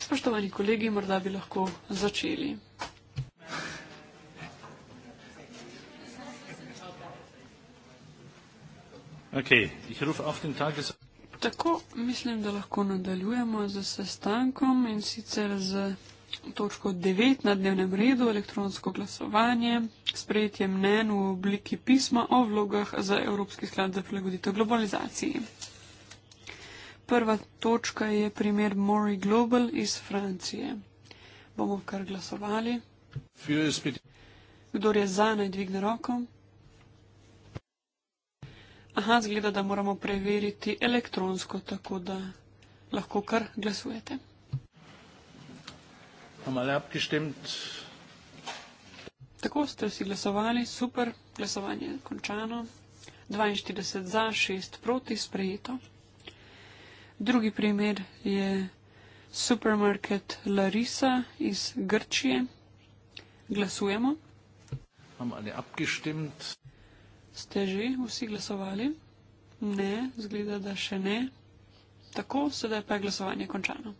Spoštovani kolegi, morda bi lahko začeli. Tako, mislim, da lahko nadaljujemo z sestankom in sicer z točko 9 na dnevnem redu, elektronsko glasovanje, sprejetje mnen v obliki pisma o vlogah za Evropski sklad za prilagoditev globalizaciji prva točka je primer Mori Global iz Francije. Bomo kar glasovali. Kdor je za, naj dvigne roko. Aha, zgleda, da moramo preveriti elektronsko, tako da lahko kar glasujete. Tako ste vsi glasovali, super, glasovanje je končano. 42 za, 6 proti, sprejeto. Drugi primer je supermarket Larisa iz Grčije. Glasujemo. Ste že vsi glasovali? Ne, zgleda, da še ne. Tako, sedaj pa je glasovanje končano.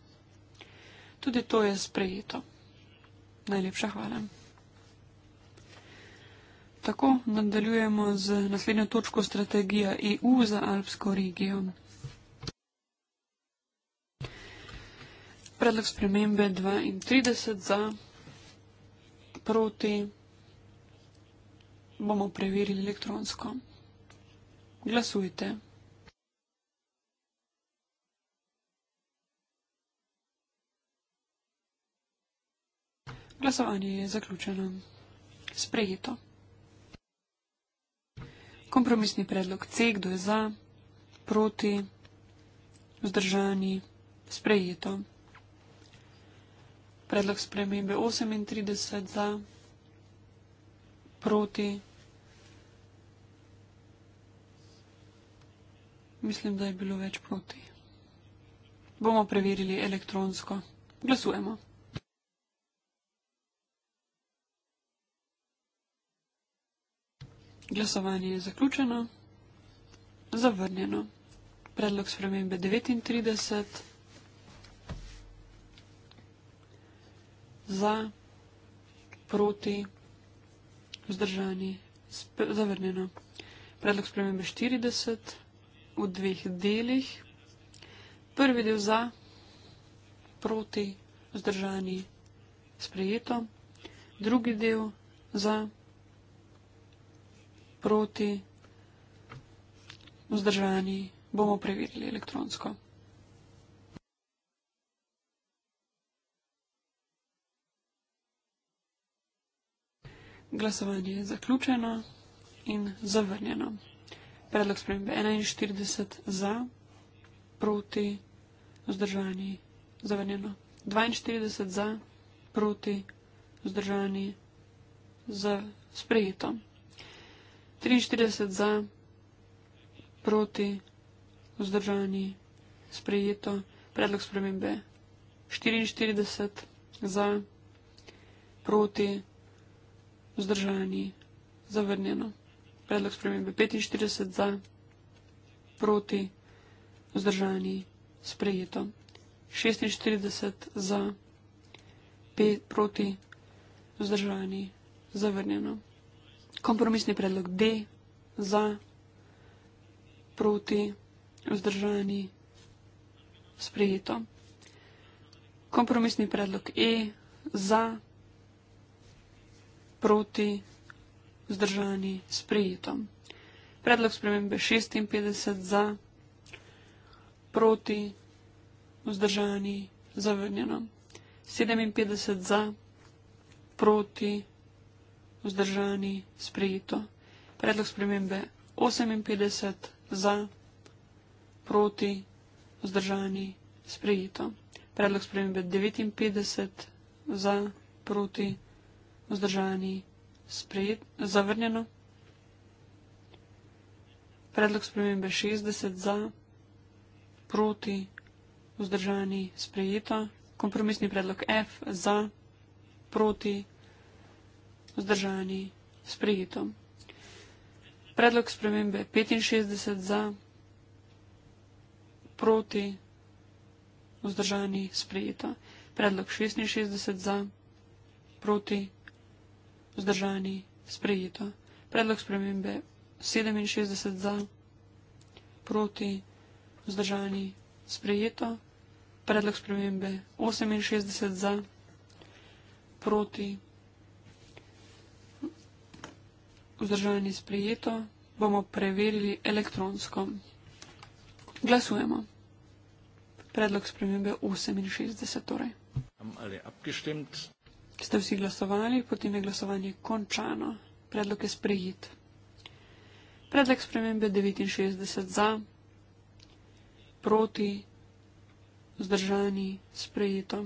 Tudi to je sprejeto. Najlepša hvala. Tako nadaljujemo z naslednjo točko strategija EU za alpsko regijo. predlog spremembe 32 za, proti bomo preverili elektronsko. Glasujte. Glasovanje je zaključeno. Sprejeto. Kompromisni predlog C, kdo je za, proti, vzdržani, sprejeto predlog spremembe 38 za, proti. Mislim, da je bilo več proti. Bomo preverili elektronsko. Glasujemo. Glasovanje je zaključeno. Zavrnjeno. Predlog spremembe 39. za, proti, vzdržani, zavrnjeno. Predlog spremembe 40 v dveh delih. Prvi del za, proti, vzdržani, sprejeto. Drugi del za, proti, vzdržani, bomo preverili elektronsko. glasovanje je zaključeno in zavrnjeno. Predlog spremembe 41 za, proti, vzdržani, zavrnjeno. 42 za, proti, vzdržani, za sprejeto. 43 za, proti, vzdržani, sprejeto. Predlog spremembe 44 za, proti, vzdržani vzdržani, zavrnjeno. Predlog spremembe 45 za, proti, vzdržani, sprejeto. 46 za, pet, proti, vzdržani, zavrnjeno. Kompromisni predlog D za, proti, vzdržani, sprejeto. Kompromisni predlog E za, proti, vzdržani, sprejeto proti zdržani sprijetom. Predlog spremembe 56 za proti vzdržani zavrnjeno. 57 za proti vzdržani sprejeto. Predlog spremembe 58 za proti vzdržani sprejeto. Predlog spremembe 59 za proti vzdržani sprejeto vzdržani sprejet, zavrnjeno. Predlog spremembe 60 za, proti, vzdržani sprejeto. Kompromisni predlog F za, proti, vzdržani sprejeto. Predlog spremembe 65 za, proti, vzdržani sprejeto. Predlog 66 za, proti, vzdržani sprejeto vzdržani, sprejeto. Predlog spremembe 67 za, proti, vzdržani, sprejeto. Predlog spremembe 68 za, proti, vzdržani, sprejeto. Bomo preverili elektronsko. Glasujemo. Predlog spremembe 68 torej. Haben alle abgestimmt? Ste vsi glasovali, potem je glasovanje končano. Predlog je sprejit. Predlog spremembe 69 za, proti, zdržani, sprejeto.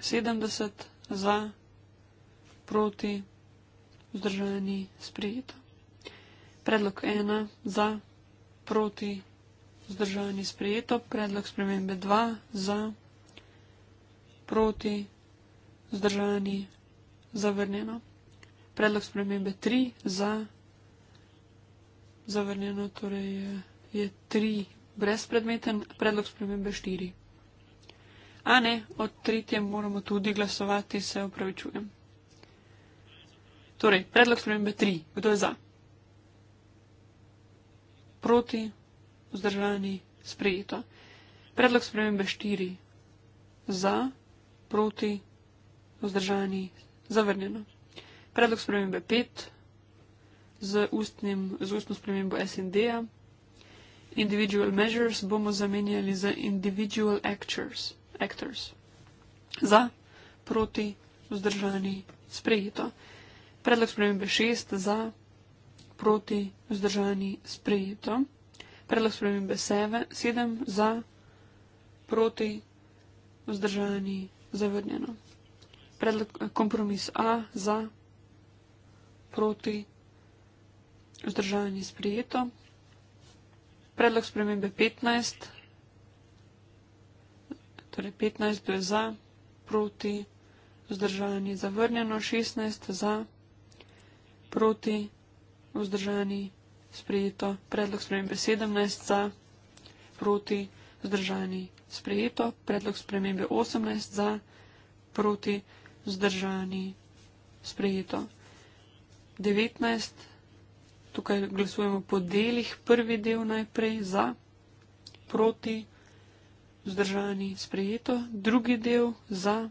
70 za, proti, zdržani, sprejeto. Predlog 1 za, proti, zdržani, sprejeto. Predlog spremembe 2 za, proti, zdržani, sprejeto vzdržani, zavrnjeno. Predlog spremembe 3 za zavrnjeno, torej je 3 brezpredmeten, predlog spremembe 4. A ne, od tretje moramo tudi glasovati, se upravičujem. Torej, predlog spremembe 3. Kdo je za? Proti, vzdržani, sprejeto. Predlog spremembe 4. Za, proti, vzdržani vzdržani, zavrnjeno. Predlog spremembe 5 z, ustnim, z ustno spremembo SND-ja. Individual measures bomo zamenjali za individual actors. actors. Za, proti, vzdržani, sprejeto. Predlog spremembe 6 za, proti, vzdržani, sprejeto. Predlog spremembe 7 za, proti, vzdržani, zavrnjeno predlog, kompromis A za, proti, vzdržavanje sprijeto. Predlog spremembe 15, torej 15 je za, proti, vzdržavanje zavrnjeno, 16 za, proti, vzdržavanje sprijeto. Predlog spremembe 17 za, proti, vzdržavanje sprijeto. Predlog spremembe 18 za, proti, vzdržavanje sprijeto zdržani, sprejeto. 19, tukaj glasujemo po delih, prvi del najprej za, proti, zdržani, sprejeto, drugi del za,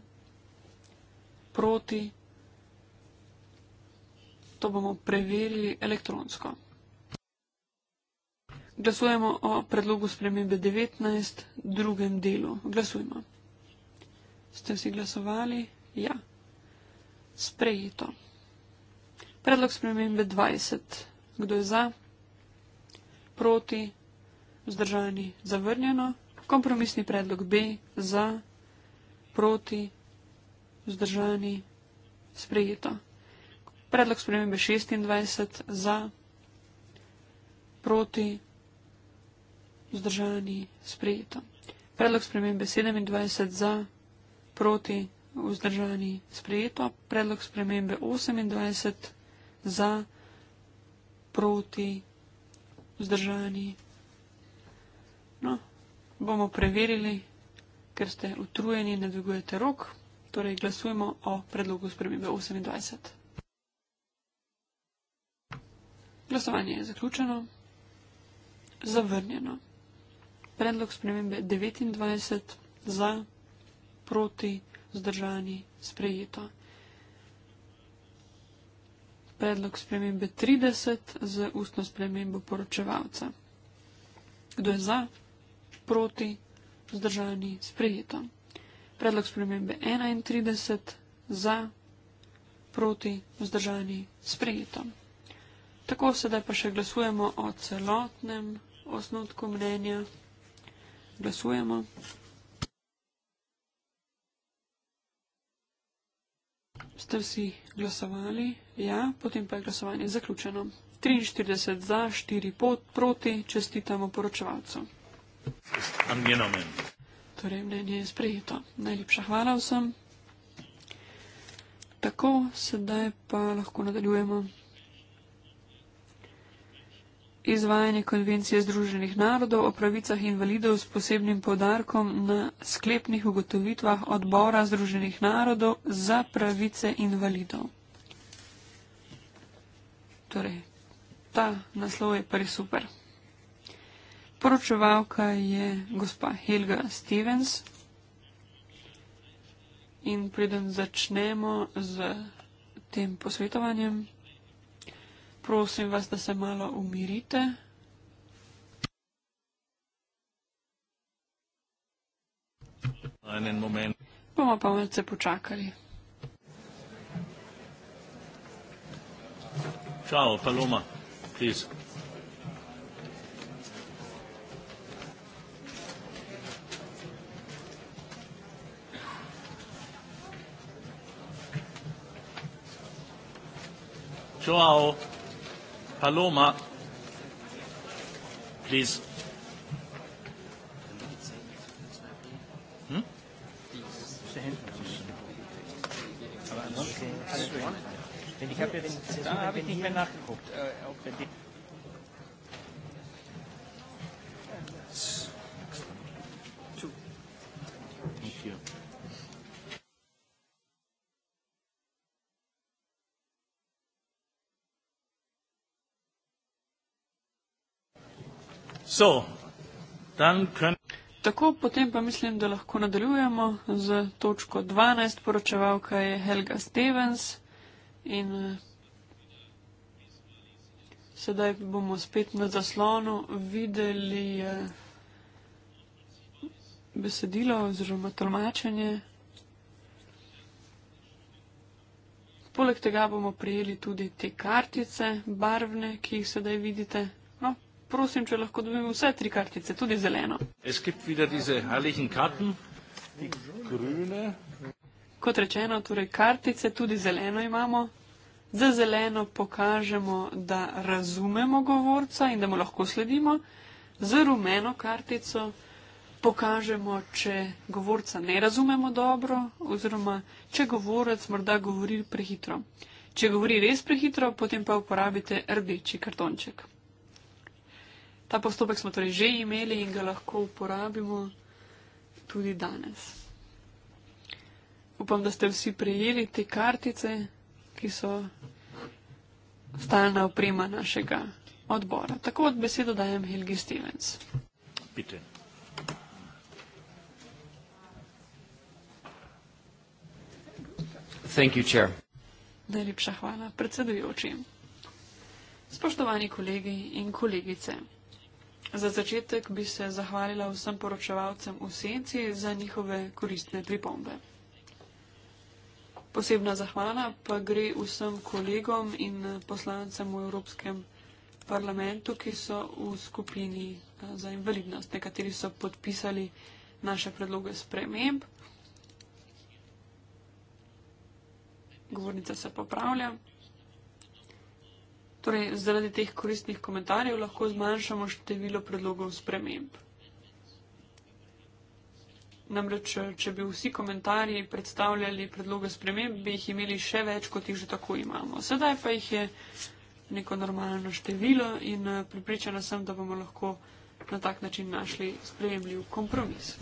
proti, to bomo preverili elektronsko. Glasujemo o predlogu spremembe 19, drugem delu. Glasujmo. Ste vsi glasovali? ja, sprejeto. Predlog spremembe 20. Kdo je za? Proti? Vzdržani? Zavrnjeno? Kompromisni predlog B. Za? Proti? Vzdržani? Sprejeto. Predlog spremembe 26. Za? Proti? Vzdržani? Sprejeto. Predlog spremembe 27. Za? Proti? Vzdržani? vzdržani sprejeto, predlog spremembe 28 za proti vzdržani. No, bomo preverili, ker ste utrujeni, ne dvigujete rok, torej glasujemo o predlogu spremembe 28. Glasovanje je zaključeno, zavrnjeno. Predlog spremembe 29 za proti vzdržani vzdržani, sprejeto. Predlog spremembe 30 z ustno spremembo poročevalca. Kdo je za, proti, vzdržani, sprejeto. Predlog spremembe 31 za, proti, vzdržani, sprejeto. Tako sedaj pa še glasujemo o celotnem osnutku mnenja. Glasujemo. ste vsi glasovali? Ja, potem pa je glasovanje zaključeno. 43 za, 4 pot, proti, čestitamo poročevalcu. Torej, mnenje je sprejeto. Najlepša hvala vsem. Tako, sedaj pa lahko nadaljujemo izvajanje konvencije Združenih narodov o pravicah invalidov s posebnim podarkom na sklepnih ugotovitvah odbora Združenih narodov za pravice invalidov. Torej, ta naslov je pa res super. Poročevalka je gospa Helga Stevens. In preden začnemo z tem posvetovanjem, Prosim vas, da se malo umirite. Bomo pa malce počakali. Čau, Paloma, pliz. Čau. Paloma, please. Hm? Ich habe ja den Zensur, habe ich nicht mehr nachgeguckt, äh, ob er die So, können... Tako, potem pa mislim, da lahko nadaljujemo z točko 12. Poročevalka je Helga Stevens in eh, sedaj bomo spet na zaslonu videli eh, besedilo oziroma tolmačenje. Poleg tega bomo prijeli tudi te kartice barvne, ki jih sedaj vidite prosim, če lahko dobim vse tri kartice, tudi zeleno. Kot rečeno, torej kartice tudi zeleno imamo. Za zeleno pokažemo, da razumemo govorca in da mu lahko sledimo. Za rumeno kartico pokažemo, če govorca ne razumemo dobro oziroma če govorec morda govori prehitro. Če govori res prehitro, potem pa uporabite rdeči kartonček. Ta postopek smo torej že imeli in ga lahko uporabimo tudi danes. Upam, da ste vsi prejeli te kartice, ki so stalna oprema našega odbora. Tako od besedo dajem Helgi Stevens. Pite. Thank you, chair. Najlepša hvala predsedujočim. Spoštovani kolegi in kolegice. Za začetek bi se zahvalila vsem poročevalcem v senci za njihove koristne pripombe. Posebna zahvala pa gre vsem kolegom in poslancem v Evropskem parlamentu, ki so v skupini eh, za invalidnost. Nekateri so podpisali naše predloge sprememb. Govornica se popravlja. Torej, zaradi teh koristnih komentarjev lahko zmanjšamo število predlogov sprememb. Namreč, če bi vsi komentarji predstavljali predloge sprememb, bi jih imeli še več, kot jih že tako imamo. Sedaj pa jih je neko normalno število in eh, pripričana sem, da bomo lahko na tak način našli sprejemljiv kompromis.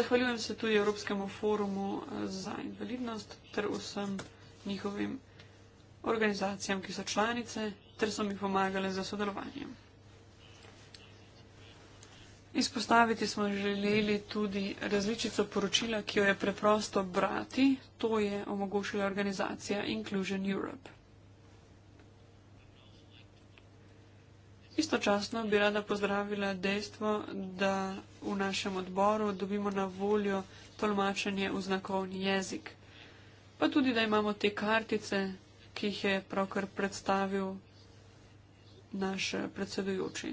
Zahvaljujem se tudi Evropskemu forumu eh, za invalidnost ter vsem njihovim organizacijam, ki so članice, ter so mi pomagali za sodelovanjem. Izpostaviti smo želeli tudi različico poročila, ki jo je preprosto brati, to je omogočila organizacija Inclusion Europe. Istočasno bi rada pozdravila dejstvo, da v našem odboru dobimo na voljo tolmačenje v znakovni jezik, pa tudi, da imamo te kartice, ki jih je pravkar predstavil naš predsedujoči.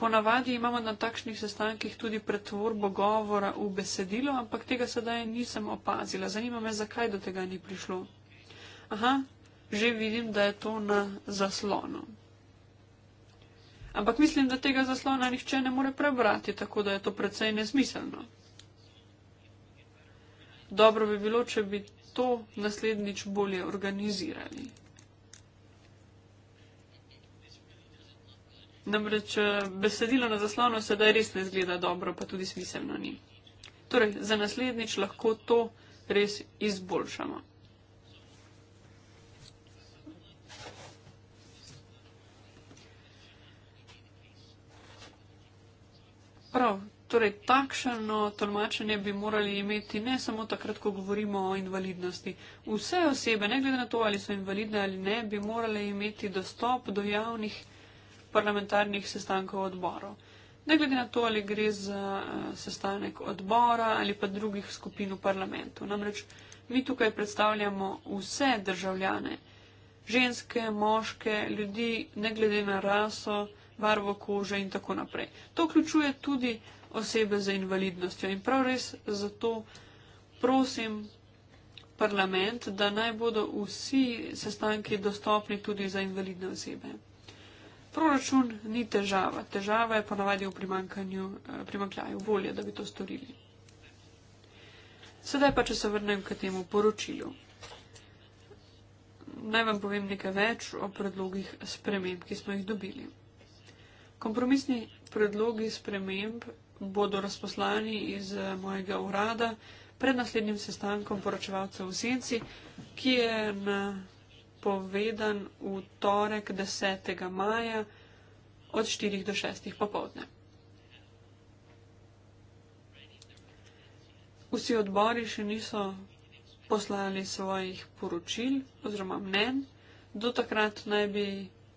Ponavadi imamo na takšnih sestankih tudi pretvorbo govora v besedilo, ampak tega sedaj nisem opazila. Zanima me, zakaj do tega ni prišlo. Aha, že vidim, da je to na zaslonu. Ampak mislim, da tega zaslona nihče ne more prebrati, tako da je to precej nesmiselno. Dobro bi bilo, če bi to naslednjič bolje organizirali. Namreč eh, besedilo na zaslonu sedaj res ne zgleda dobro, pa tudi smiselno ni. Torej, za naslednjič lahko to res izboljšamo. Prav, Torej, takšno tolmačenje bi morali imeti ne samo takrat, ko govorimo o invalidnosti. Vse osebe, ne glede na to, ali so invalidne ali ne, bi morali imeti dostop do javnih parlamentarnih sestankov odborov. Ne glede na to, ali gre za eh, sestanek odbora ali pa drugih skupin v parlamentu. Namreč mi tukaj predstavljamo vse državljane, ženske, moške, ljudi, ne glede na raso, barvo kože in tako naprej. To vključuje tudi osebe z invalidnostjo. In prav res zato prosim parlament, da naj bodo vsi sestanki dostopni tudi za invalidne osebe. Proračun ni težava. Težava je ponavadi v eh, primankljaju volje, da bi to storili. Sedaj pa, če se vrnem k temu poročilu. Naj vam povem nekaj več o predlogih sprememb, ki smo jih dobili. Kompromisni predlogi sprememb bodo razposlani iz eh, mojega urada pred naslednjim sestankom poročevalcev v Senci, ki je napovedan v torek 10. maja od 4 do 6. popovdne. Vsi odbori še niso poslali svojih poročil oziroma mnen. Do takrat naj bi,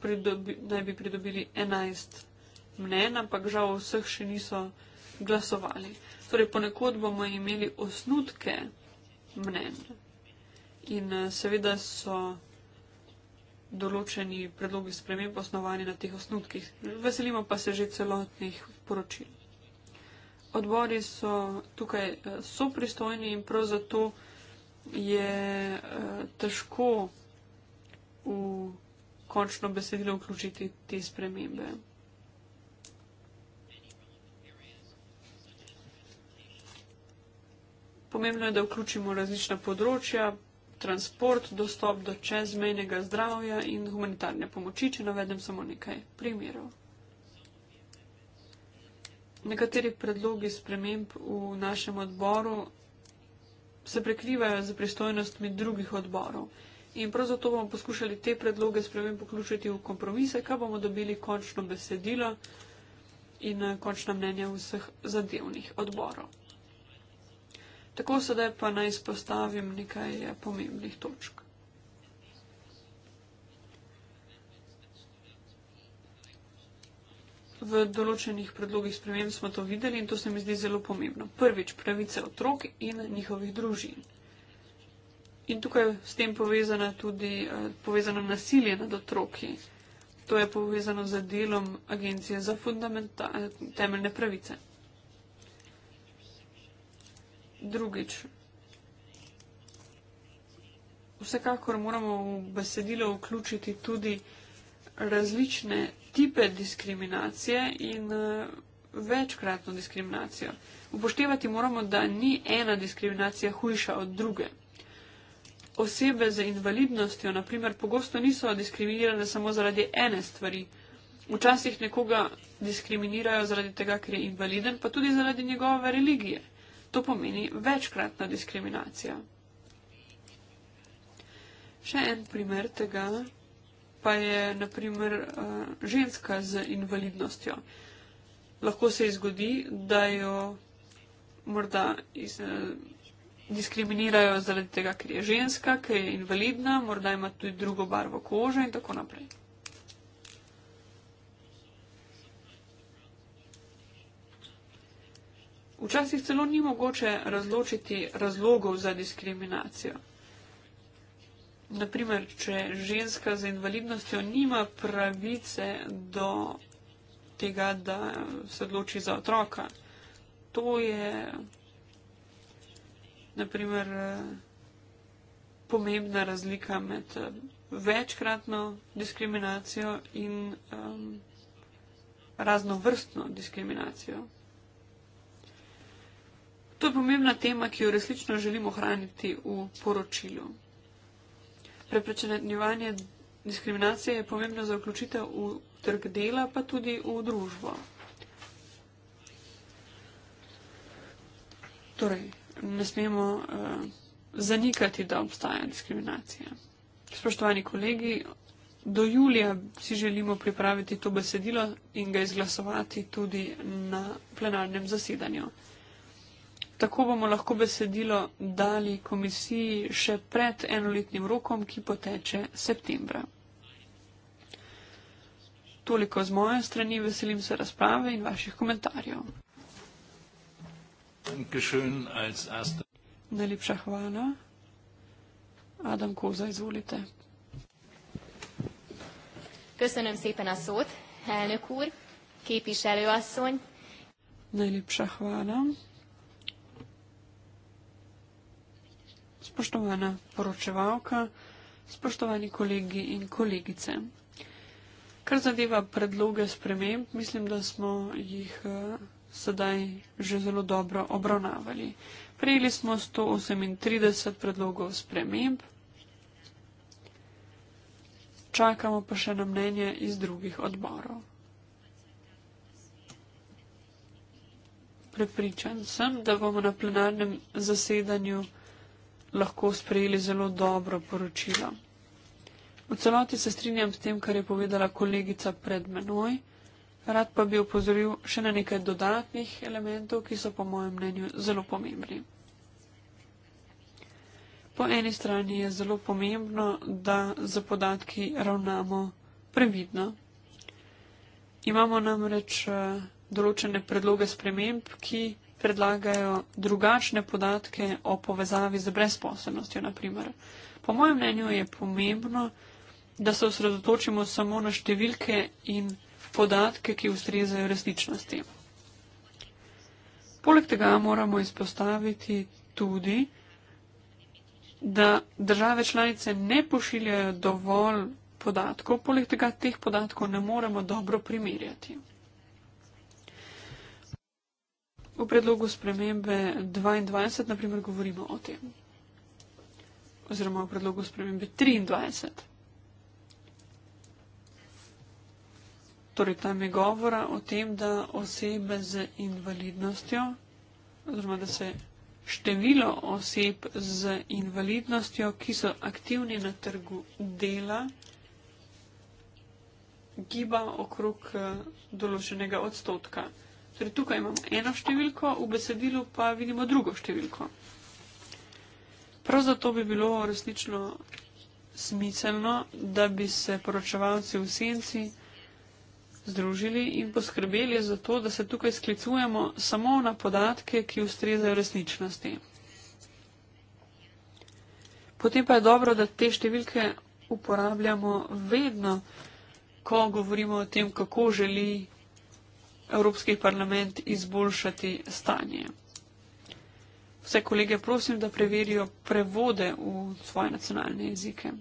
pridobi, naj bi pridobili 11 mnen, ampak žal vseh še niso poslali glasovali. Torej, ponekod bomo imeli osnutke mnen. In eh, seveda so določeni predlogi sprememb osnovani na teh osnutkih. Veselimo pa se že celotnih poročil. Odbori so tukaj eh, so pristojni in prav zato je eh, težko v končno besedilo vključiti te spremembe. Pomembno je, da vključimo različna področja, transport, dostop do čezmejnega zdravja in humanitarne pomoči, če navedem samo nekaj primerov. Nekateri predlogi sprememb v našem odboru se prekrivajo z pristojnostmi drugih odborov. In prav zato bomo poskušali te predloge spremem poključiti v kompromise, kaj bomo dobili končno besedilo in eh, končna mnenja vseh zadevnih odborov. Tako sedaj pa naj izpostavim nekaj eh, pomembnih točk. V določenih predlogih sprememb smo to videli in to se mi zdi zelo pomembno. Prvič, pravice otrok in njihovih družin. In tukaj s tem povezano tudi eh, povezano nasilje nad otroki. To je povezano z delom Agencije za eh, temeljne pravice drugič. Vsekakor moramo v besedilo vključiti tudi različne tipe diskriminacije in eh, večkratno diskriminacijo. Upoštevati moramo, da ni ena diskriminacija hujša od druge. Osebe z invalidnostjo, naprimer, pogosto niso diskriminirane samo zaradi ene stvari. Včasih nekoga diskriminirajo zaradi tega, ker je invaliden, pa tudi zaradi njegove religije. To pomeni večkratna diskriminacija. Še en primer tega pa je naprimer eh, ženska z invalidnostjo. Lahko se zgodi, da jo morda iz, eh, diskriminirajo zaradi tega, ker je ženska, ker je invalidna, morda ima tudi drugo barvo kože in tako naprej. Včasih celo ni mogoče razločiti razlogov za diskriminacijo. Naprimer, če ženska z invalidnostjo nima pravice do tega, da se odloči za otroka, to je naprimer pomembna razlika med večkratno diskriminacijo in um, raznovrstno diskriminacijo. To je pomembna tema, ki jo resnično želimo ohraniti v poročilu. Preprečevanje diskriminacije je pomembno za vključitev v trg dela, pa tudi v družbo. Torej, ne smemo uh, zanikati, da obstaja diskriminacija. Spoštovani kolegi, do julija si želimo pripraviti to besedilo in ga izglasovati tudi na plenarnem zasedanju. Tako bomo lahko besedilo dali komisiji še pred enoletnim rokom, ki poteče septembra. Toliko z moje strani, veselim se razprave in vaših komentarjev. Najlepša hvala. Adam Koza, izvolite. Köszönöm szépen a szót, elnök úr, képviselő asszony. Najlepša hvala. spoštovana poročevalka, spoštovani kolegi in kolegice. Kar zadeva predloge sprememb, mislim, da smo jih eh, sedaj že zelo dobro obravnavali. Prejeli smo 138 predlogov sprememb, čakamo pa še na mnenje iz drugih odborov. Prepričan sem, da bomo na plenarnem zasedanju lahko sprejeli zelo dobro poročilo. V celoti se strinjam s tem, kar je povedala kolegica pred menoj, rad pa bi upozoril še na nekaj dodatnih elementov, ki so po mojem mnenju zelo pomembni. Po eni strani je zelo pomembno, da za podatki ravnamo previdno. Imamo namreč eh, določene predloge sprememb, ki predlagajo drugačne podatke o povezavi z brezposobnostjo, naprimer. Po mojem mnenju je pomembno, da se osredotočimo samo na številke in podatke, ki ustrezajo resničnosti. Poleg tega moramo izpostaviti tudi, da države članice ne pošiljajo dovolj podatkov, poleg tega teh podatkov ne moremo dobro primerjati. V predlogu spremembe 22 naprimer govorimo o tem. Oziroma v predlogu spremembe 23. Torej, tam je govora o tem, da osebe z invalidnostjo, oziroma da se število oseb z invalidnostjo, ki so aktivni na trgu dela, giba okrog eh, določenega odstotka. Torej, tukaj imamo eno številko, v besedilu pa vidimo drugo številko. Prav zato bi bilo resnično smiselno, da bi se poročevalci v senci združili in poskrbeli za to, da se tukaj sklicujemo samo na podatke, ki ustrezajo resničnosti. Potem pa je dobro, da te številke uporabljamo vedno, ko govorimo o tem, kako želi Evropski parlament izboljšati stanje. Vse kolege prosim, da preverijo prevode v svoje nacionalne jezike.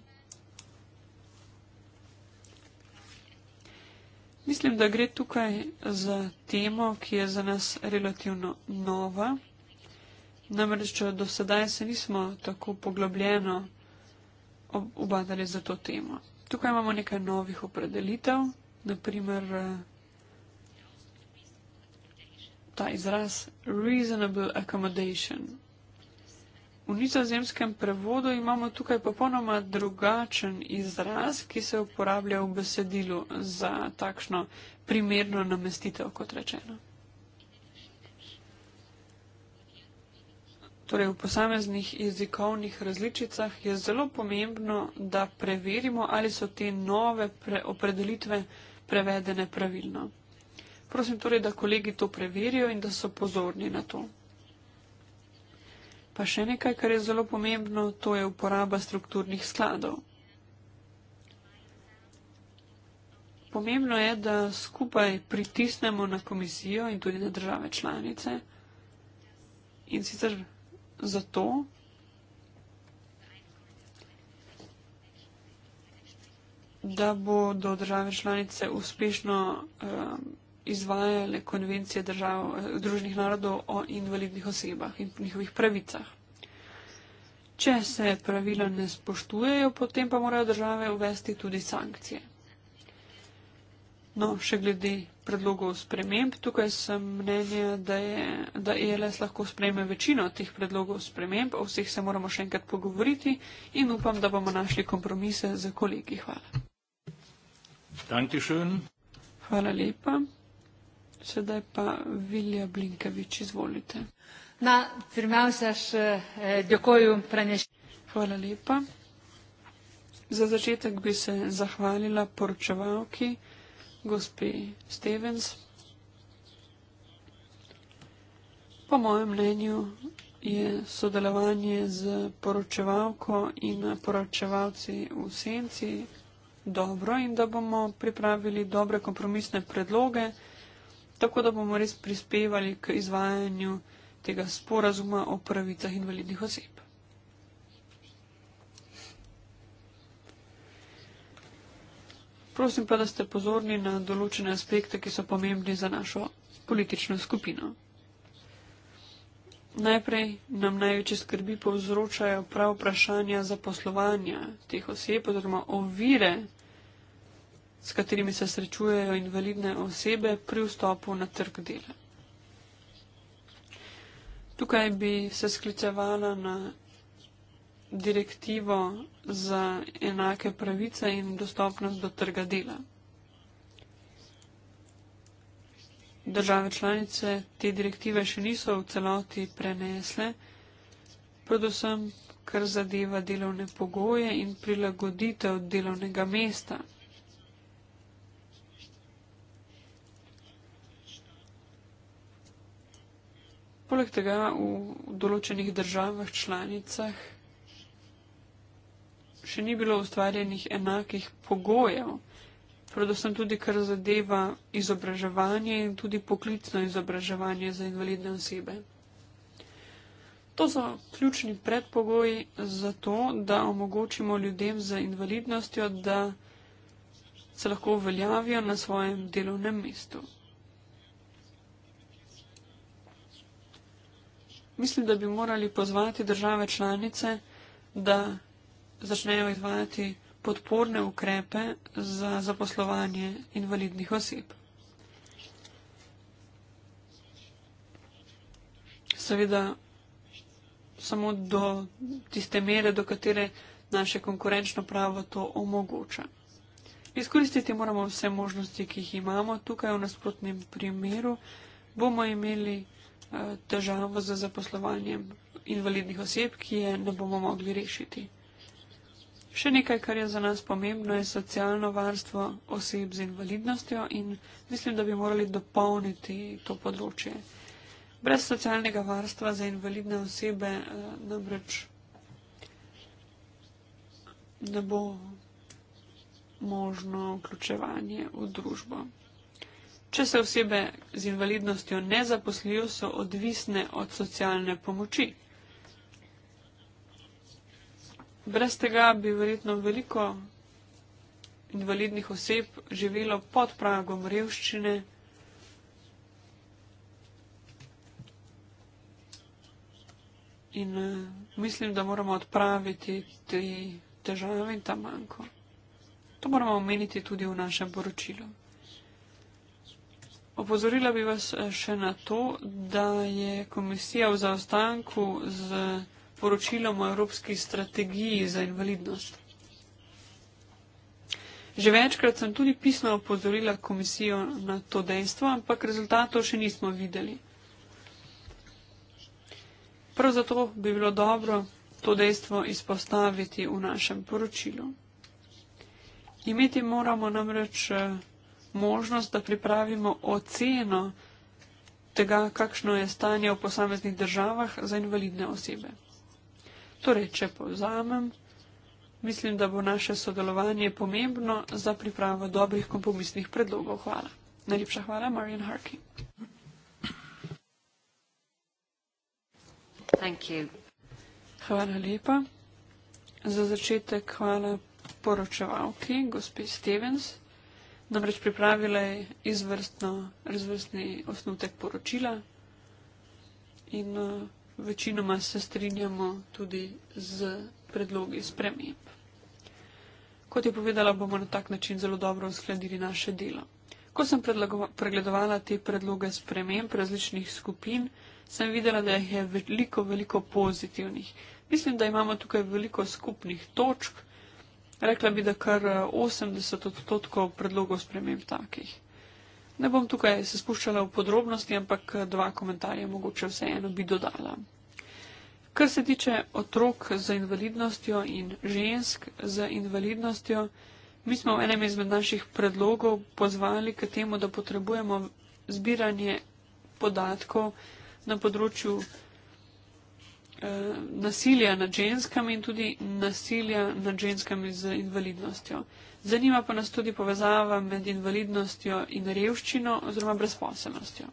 Mislim, da gre tukaj za temo, ki je za nas relativno nova. Namreč do sedaj se nismo tako poglobljeno obadali za to temo. Tukaj imamo nekaj novih opredelitev, naprimer eh, ta izraz reasonable accommodation. V nizozemskem prevodu imamo tukaj popolnoma drugačen izraz, ki se uporablja v besedilu za takšno primerno namestitev, kot rečeno. Torej, v posameznih jezikovnih različicah je zelo pomembno, da preverimo, ali so te nove pre opredelitve prevedene pravilno. Prosim torej, da kolegi to preverijo in da so pozorni na to. Pa še nekaj, kar je zelo pomembno, to je uporaba strukturnih skladov. Pomembno je, da skupaj pritisnemo na komisijo in tudi na države članice in sicer zato, da bodo države članice uspešno um, izvajale konvencije držav, družnih narodov o invalidnih osebah in njihovih pravicah. Če se pravila ne spoštujejo, potem pa morajo države uvesti tudi sankcije. No, še glede predlogov sprememb, tukaj sem mnenja, da je ELS lahko sprejme večino teh predlogov sprememb, o vseh se moramo še enkrat pogovoriti in upam, da bomo našli kompromise za kolegi. Hvala. Dankeschön. Hvala lepa. Sedaj pa Vilja Blinkevič, izvolite. Na firmavša eh, Djokoju Praneš. Hvala lepa. Za začetek bi se zahvalila poročevalki gospe Stevens. Po mojem mnenju je sodelovanje z poročevalko in poročevalci v senci dobro in da bomo pripravili dobre kompromisne predloge tako da bomo res prispevali k izvajanju tega sporazuma o pravicah invalidnih oseb. Prosim pa, da ste pozorni na določene aspekte, ki so pomembni za našo politično skupino. Najprej nam največje skrbi povzročajo prav vprašanja zaposlovanja teh oseb oziroma ovire s katerimi se srečujejo invalidne osebe pri vstopu na trg dela. Tukaj bi se sklicevala na direktivo za enake pravice in dostopnost do trga dela. Države članice te direktive še niso v celoti prenesle, predvsem kar zadeva delovne pogoje in prilagoditev delovnega mesta. Poleg tega v določenih državah članicah še ni bilo ustvarjenih enakih pogojev, predvsem tudi kar zadeva izobraževanje in tudi poklicno izobraževanje za invalidne osebe. To so ključni predpogoji za to, da omogočimo ljudem z invalidnostjo, da se lahko uveljavijo na svojem delovnem mestu. Mislim, da bi morali pozvati države članice, da začnejo izvajati podporne ukrepe za zaposlovanje invalidnih oseb. Seveda, samo do tiste mere, do katere naše konkurenčno pravo to omogoča. Izkoristiti moramo vse možnosti, ki jih imamo. Tukaj v nasprotnem primeru bomo imeli težavo z zaposlovanjem invalidnih oseb, ki je ne bomo mogli rešiti. Še nekaj, kar je za nas pomembno, je socialno varstvo oseb z invalidnostjo in mislim, da bi morali dopolniti to področje. Brez socialnega varstva za invalidne osebe eh, namreč ne bo možno vključevanje v družbo. Če se osebe z invalidnostjo ne zaposlijo, so odvisne od socialne pomoči. Brez tega bi verjetno veliko invalidnih oseb živelo pod pragom revščine. In eh, mislim, da moramo odpraviti te težave in ta manjko. To moramo omeniti tudi v našem poročilu. Opozorila bi vas eh, še na to, da je komisija v zaostanku z poročilom o evropski strategiji za invalidnost. Že večkrat sem tudi pisno opozorila komisijo na to dejstvo, ampak rezultatov še nismo videli. Prav zato bi bilo dobro to dejstvo izpostaviti v našem poročilu. Imeti moramo namreč eh, možnost, da pripravimo oceno tega, kakšno je stanje v posameznih državah za invalidne osebe. Torej, če povzamem, mislim, da bo naše sodelovanje pomembno za pripravo dobrih kompromisnih predlogov. Hvala. Najlepša hvala, Marian Harkin. Hvala lepa. Za začetek hvala poročevalki, gospe Stevens namreč pripravila je izvrstno, izvrstni osnutek poročila in uh, večinoma se strinjamo tudi z predlogi sprememb. Kot je povedala, bomo na tak način zelo dobro uskladili naše delo. Ko sem pregledovala te predloge sprememb različnih skupin, sem videla, da jih je veliko, veliko pozitivnih. Mislim, da imamo tukaj veliko skupnih točk, Rekla bi, da kar 80 eh, odstotkov predlogov sprememb takih. Ne bom tukaj se spuščala v podrobnosti, ampak eh, dva komentarja mogoče vseeno bi dodala. Kar se tiče otrok z invalidnostjo in žensk z invalidnostjo, mi smo v enem izmed naših predlogov pozvali k temu, da potrebujemo zbiranje podatkov na področju Eh, nasilja nad ženskami in tudi nasilja nad ženskami z invalidnostjo. Zanima pa nas tudi povezava med invalidnostjo in revščino oziroma brezposelnostjo.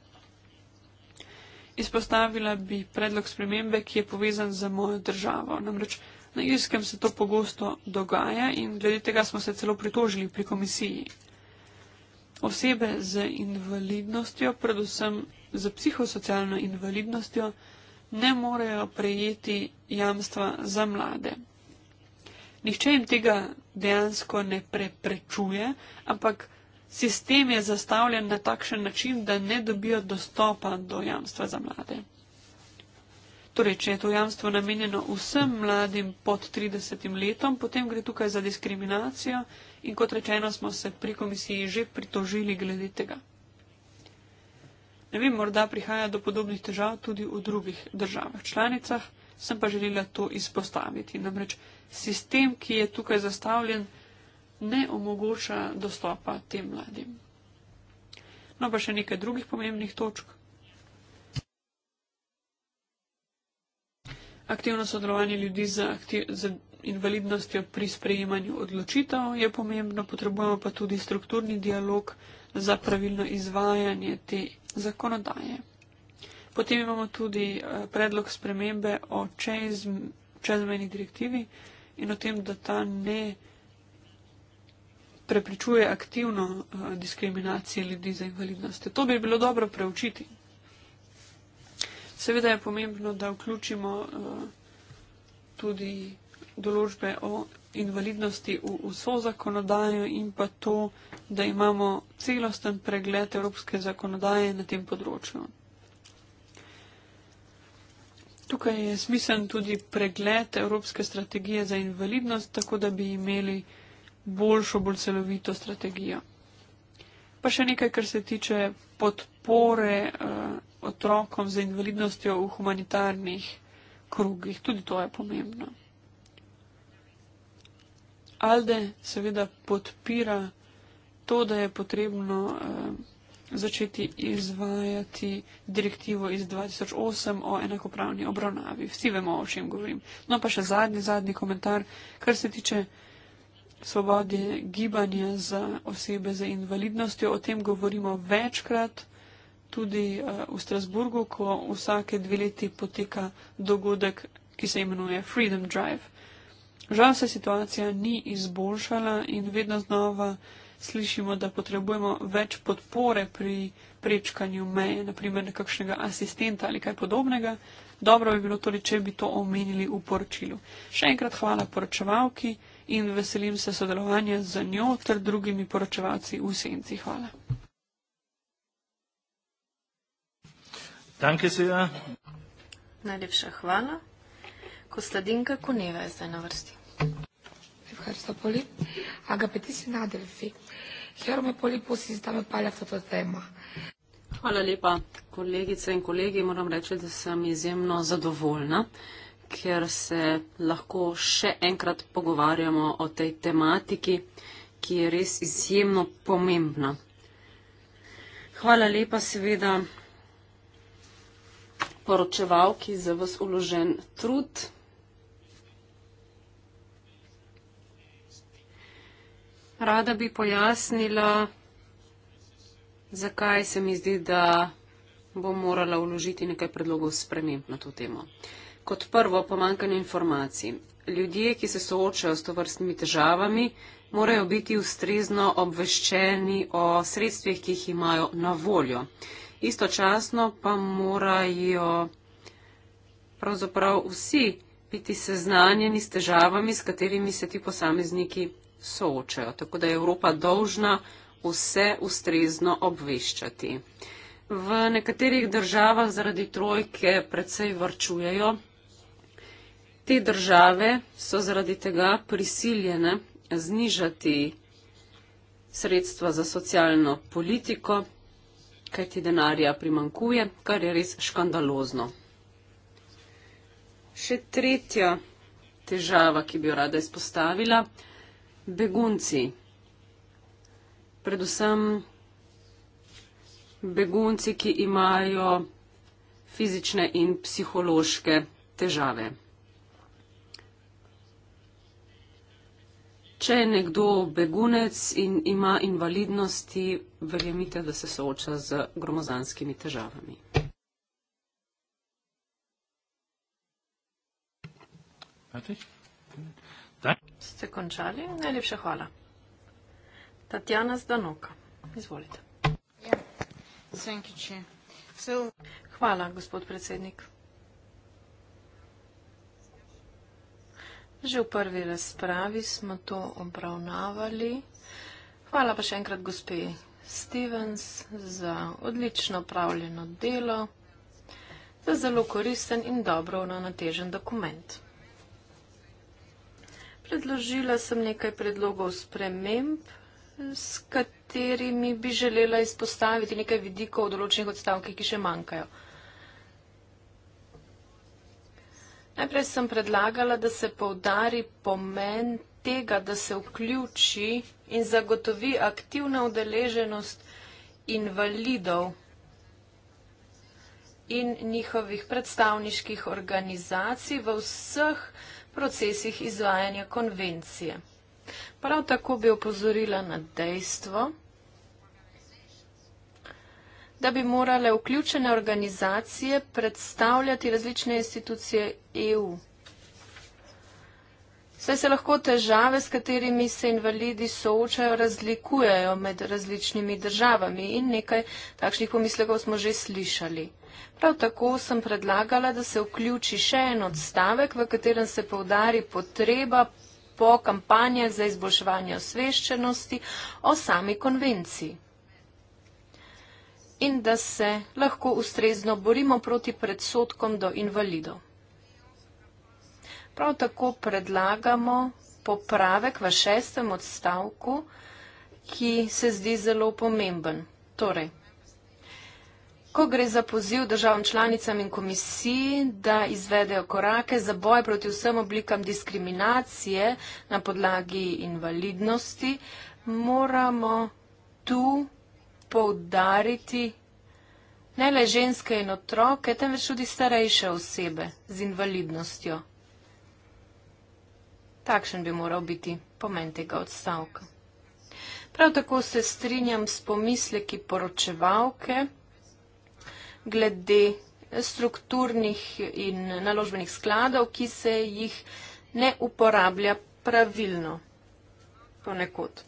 Izpostavila bi predlog spremembe, ki je povezan z mojo državo. Namreč na Irskem se to pogosto dogaja in glede tega smo se celo pritožili pri komisiji. Osebe z invalidnostjo, predvsem z psihosocialno invalidnostjo, ne morejo prejeti jamstva za mlade. Nihče jim tega dejansko ne preprečuje, ampak sistem je zastavljen na takšen način, da ne dobijo dostopa do jamstva za mlade. Torej, če je to jamstvo namenjeno vsem mladim pod 30 letom, potem gre tukaj za diskriminacijo in kot rečeno smo se pri komisiji že pritožili glede tega. Ne vem, morda prihaja do podobnih težav tudi v drugih državah članicah, sem pa želela to izpostaviti. Namreč sistem, ki je tukaj zastavljen, ne omogoča dostopa tem mladim. No pa še nekaj drugih pomembnih točk. Aktivno sodelovanje ljudi z, z invalidnostjo pri sprejemanju odločitev je pomembno, potrebujemo pa tudi strukturni dialog za pravilno izvajanje te zakonodaje. Potem imamo tudi eh, predlog spremembe o čez, čezmejni direktivi in o tem, da ta ne prepričuje aktivno eh, diskriminacije ljudi za invalidnost. To bi bilo dobro preučiti. Seveda je pomembno, da vključimo eh, tudi določbe o invalidnosti v vso zakonodajo in pa to, da da imamo celosten pregled evropske zakonodaje na tem področju. Tukaj je smisen tudi pregled evropske strategije za invalidnost, tako da bi imeli boljšo, bolj celovito strategijo. Pa še nekaj, kar se tiče podpore uh, otrokom za invalidnostjo v humanitarnih krugih. Tudi to je pomembno. Alde seveda podpira to, da je potrebno uh, začeti izvajati direktivo iz 2008 o enakopravni obravnavi. Vsi vemo, o čem govorim. No pa še zadnji, zadnji komentar, kar se tiče svobode gibanja za osebe z invalidnostjo. O tem govorimo večkrat tudi uh, v Strasburgu, ko vsake dve leti poteka dogodek, ki se imenuje Freedom Drive. Žal se situacija ni izboljšala in vedno znova uh, slišimo, da potrebujemo več podpore pri prečkanju meje, naprimer nekakšnega asistenta ali kaj podobnega. Dobro bi bilo torej, če bi to omenili v poročilu. Še enkrat hvala poročevalki in veselim se sodelovanja z njo ter drugimi poročevalci v senci. Hvala. Danke se ja. Najlepša hvala. Kostadinka Kuneva je zdaj na vrsti. Χαριστοπολί, αγαπητοί συνάδελφοι, χαίρομαι πολύ που συζητάμε πάλι αυτό το θέμα. Hvala lepa, kolegice in kolegi. Moram reči, da sem izjemno zadovoljna, ker se lahko še enkrat pogovarjamo o tej tematiki, ki je res izjemno pomembna. Hvala lepa seveda poročevalki za vas uložen trud. Rada bi pojasnila, zakaj se mi zdi, da bom morala vložiti nekaj predlogov sprememb na to temo. Kot prvo, pomankanje informacij. Ljudje, ki se soočajo s to vrstnimi težavami, morajo biti ustrezno obveščeni o sredstvih, ki jih imajo na voljo. Istočasno pa morajo pravzaprav vsi biti seznanjeni s težavami, s katerimi se ti posamezniki soočajo. Tako da je Evropa dolžna vse ustrezno obveščati. V nekaterih državah zaradi trojke predvsej varčujejo. Te države so zaradi tega prisiljene znižati sredstva za socialno politiko, kaj ti denarja primankuje, kar je res škandalozno. Še tretja težava, ki bi jo rada izpostavila, begunci, predvsem begunci, ki imajo fizične in psihološke težave. Če je nekdo begunec in ima invalidnosti, verjemite, da se sooča z gromozanskimi težavami. Hvala. Ste končali? Najlepša hvala. Tatjana Zdanoka, izvolite. Ja. Hvala, gospod predsednik. Že v prvi razpravi smo to obravnavali. Hvala pa še enkrat gospe Stevens za odlično pravljeno delo, za zelo koristen in dobro nanatežen dokument. Predložila sem nekaj predlogov sprememb, s katerimi bi želela izpostaviti nekaj vidikov v določenih odstavkih, ki še manjkajo. Najprej sem predlagala, da se povdari pomen tega, da se vključi in zagotovi aktivna udeleženost invalidov in njihovih predstavniških organizacij v vseh procesih izvajanja konvencije. Prav tako bi opozorila na dejstvo, da bi morale vključene organizacije predstavljati različne institucije EU. Saj se lahko težave, s katerimi se invalidi soočajo, razlikujejo med različnimi državami in nekaj takšnih pomislekov smo že slišali. Prav tako sem predlagala, da se vključi še en odstavek, v katerem se povdari potreba po kampanjah za izboljševanje osveščenosti o sami konvenciji in da se lahko ustrezno borimo proti predsotkom do invalidov. Prav tako predlagamo popravek v šestem odstavku, ki se zdi zelo pomemben. Torej, ko gre za poziv državam članicam in komisiji, da izvedejo korake za boj proti vsem oblikam diskriminacije na podlagi invalidnosti, moramo tu poudariti ne le ženske in otroke, temveč tudi starejše osebe z invalidnostjo. Takšen bi moral biti pomen tega odstavka. Prav tako se strinjam s pomisleki poročevalke glede strukturnih in naložbenih skladov, ki se jih ne uporablja pravilno ponekod.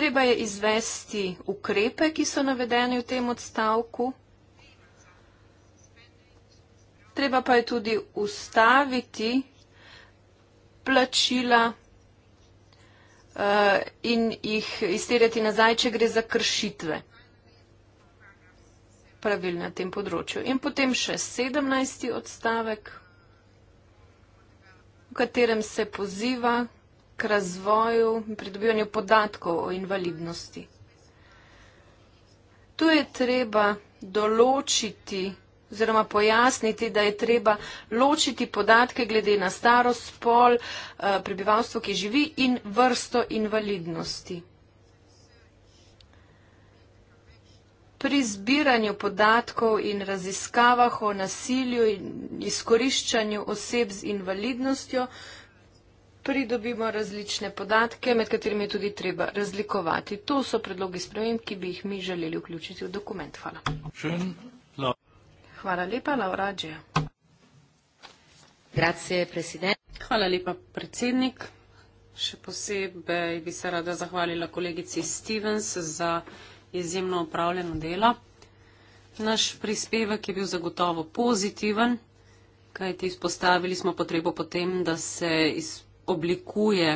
Treba je izvesti ukrepe, ki so navedene v tem odstavku. Treba pa je tudi ustaviti plačila uh, in jih izterjati nazaj, če gre za kršitve pravil na tem področju. In potem še 17. odstavek, v katerem se poziva k razvoju in pridobivanju podatkov o invalidnosti. Tu je treba določiti oziroma pojasniti, da je treba ločiti podatke glede na starost, spol, eh, prebivalstvo, ki živi in vrsto invalidnosti. Pri zbiranju podatkov in raziskavah o nasilju in izkoriščanju oseb z invalidnostjo pridobimo različne podatke, med katerimi je tudi treba razlikovati. To so predlogi sprememb, ki bi jih mi želeli vključiti v dokument. Hvala. Šen. Hvala lepa, Laura Đeja. Hvala lepa, predsednik. Še posebej bi se rada zahvalila kolegici Stevens za izjemno upravljeno delo. Naš prispevek je bil zagotovo pozitiven, kajti izpostavili smo potrebo potem, da se oblikuje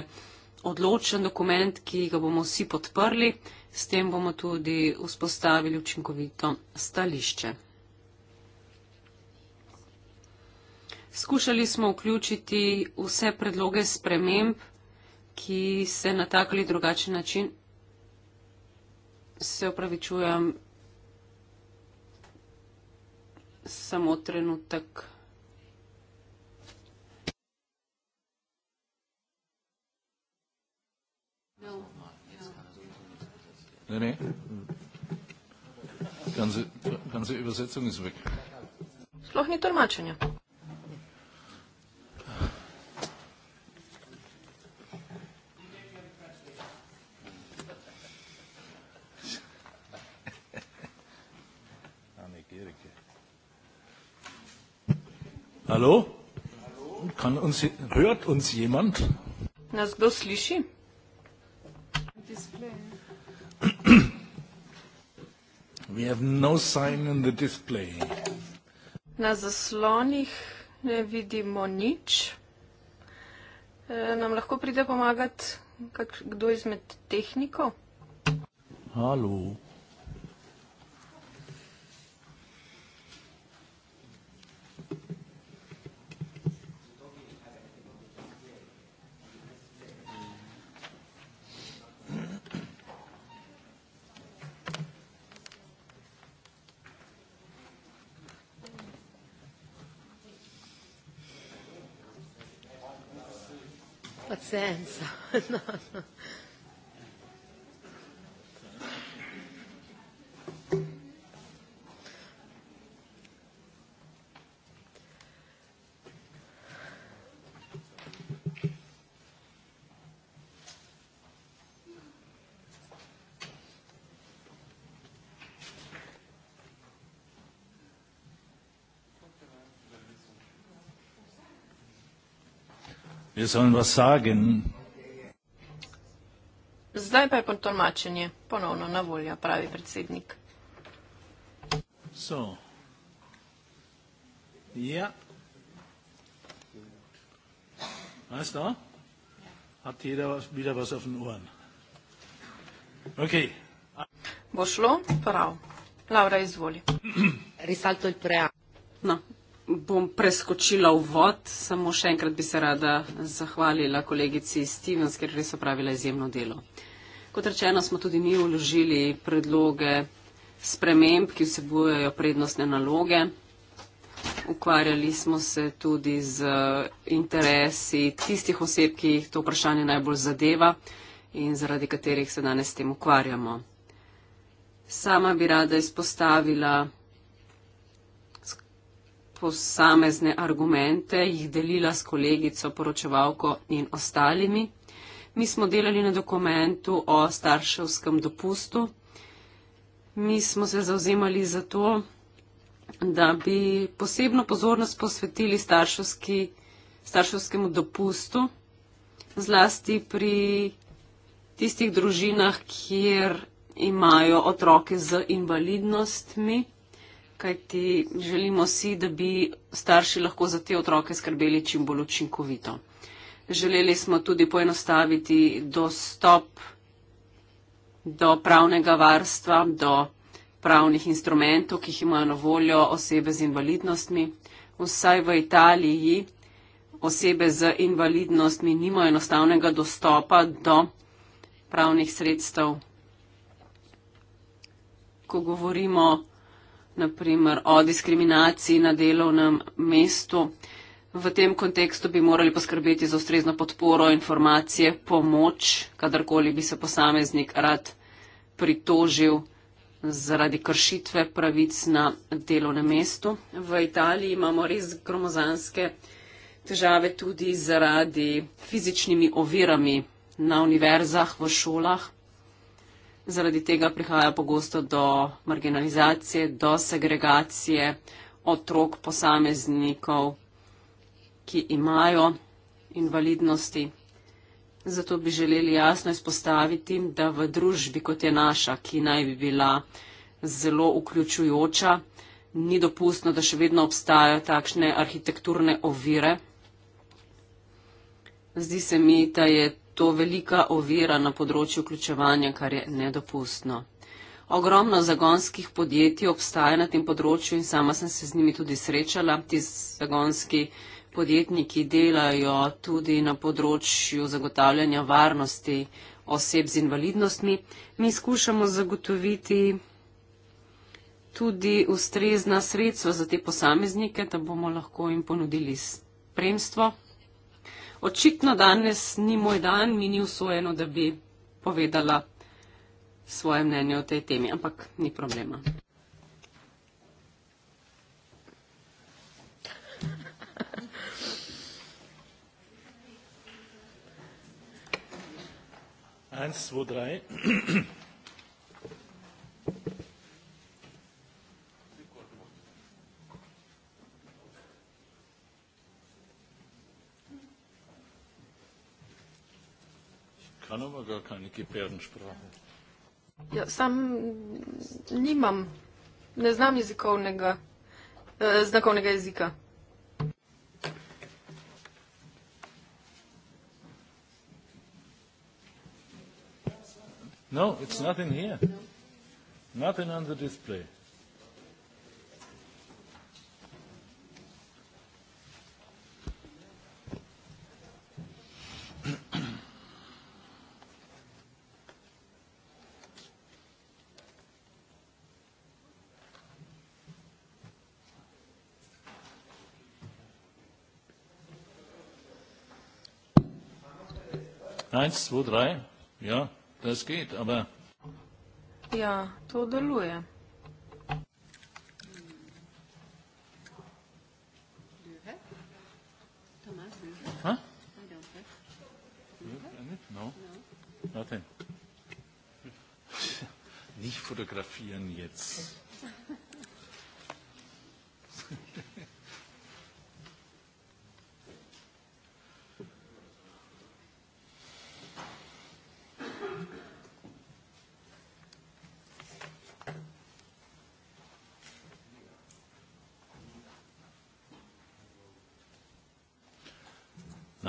odločen dokument, ki ga bomo vsi podprli. S tem bomo tudi vzpostavili učinkovito stališče. Skušali smo vključiti vse predloge sprememb, ki se na tak ali drugačen način, se opravičujem, samo trenutek. Ne, ne. Ganze, ganze Übersetzung ist weg. Sploh ni tolmačenja. Hallo? Hallo? Kann uns, hört uns jemand? Nas kdo sliši? We have no sign in the display. Na zaslonih ne vidimo nič. E, nam lahko pride pomagati kdo izmed tehnikov? Hallo? senso. no, no. Wir sollen was sagen. Zdaj pa je potolmačenje ponovno na voljo, pravi predsednik. So. Ja. Alles klar? Hat jeder wieder was auf den Ohren? Okay. Bo šlo? Prav. Laura, izvoli. Risalto il prea. No, bom preskočila uvod, samo še enkrat bi se rada zahvalila kolegici Stevens, ker res opravila izjemno delo. Kot rečeno, smo tudi mi uložili predloge sprememb, ki vsebujejo prednostne naloge. Ukvarjali smo se tudi z eh, interesi tistih oseb, ki jih to vprašanje najbolj zadeva in zaradi katerih se danes s tem ukvarjamo. Sama bi rada izpostavila posamezne argumente, jih delila s kolegico, poročevalko in ostalimi. Mi smo delali na dokumentu o starševskem dopustu. Mi smo se zauzemali za to, da bi posebno pozornost posvetili starševski, starševskemu dopustu, zlasti pri tistih družinah, kjer imajo otroke z invalidnostmi kajti želimo si, da bi starši lahko za te otroke skrbeli čim bolj učinkovito. Želeli smo tudi poenostaviti dostop do pravnega varstva, do pravnih instrumentov, ki jih imajo na voljo osebe z invalidnostmi. Vsaj v Italiji osebe z invalidnostmi nimajo enostavnega dostopa do pravnih sredstev. Ko govorimo naprimer o diskriminaciji na delovnem mestu. V tem kontekstu bi morali poskrbeti za ustrezno podporo, informacije, pomoč, kadarkoli bi se posameznik rad pritožil zaradi kršitve pravic na delovnem mestu. V Italiji imamo res gromozanske težave tudi zaradi fizičnimi ovirami na univerzah, v šolah. Zaradi tega prihaja pogosto do marginalizacije, do segregacije otrok posameznikov, ki imajo invalidnosti. Zato bi želeli jasno izpostaviti, da v družbi, kot je naša, ki naj bi bila zelo vključujoča, ni dopustno, da še vedno obstajajo takšne arhitekturne ovire. Zdi se mi, da je to velika ovira na področju vključevanja, kar je nedopustno. Ogromno zagonskih podjetij obstaja na tem področju in sama sem se z njimi tudi srečala. Ti zagonski podjetniki delajo tudi na področju zagotavljanja varnosti oseb z invalidnostmi. Mi skušamo zagotoviti tudi ustrezna sredstva za te posameznike, da bomo lahko jim ponudili spremstvo očitno danes ni moj dan, mi ni usvojeno, da bi povedala svoje mnenje o tej temi, ampak ni problema. Eins, zwei, drei. kann aber gar keine Gebärdensprache. Ja, sam nimam, ne znam jezikovnega, äh, znakovnega jezika. No, it's nothing here. Nothing on the display. Eins, zwei, drei. Ja, das geht, aber. Ja, to deluje. Nicht fotografieren jetzt.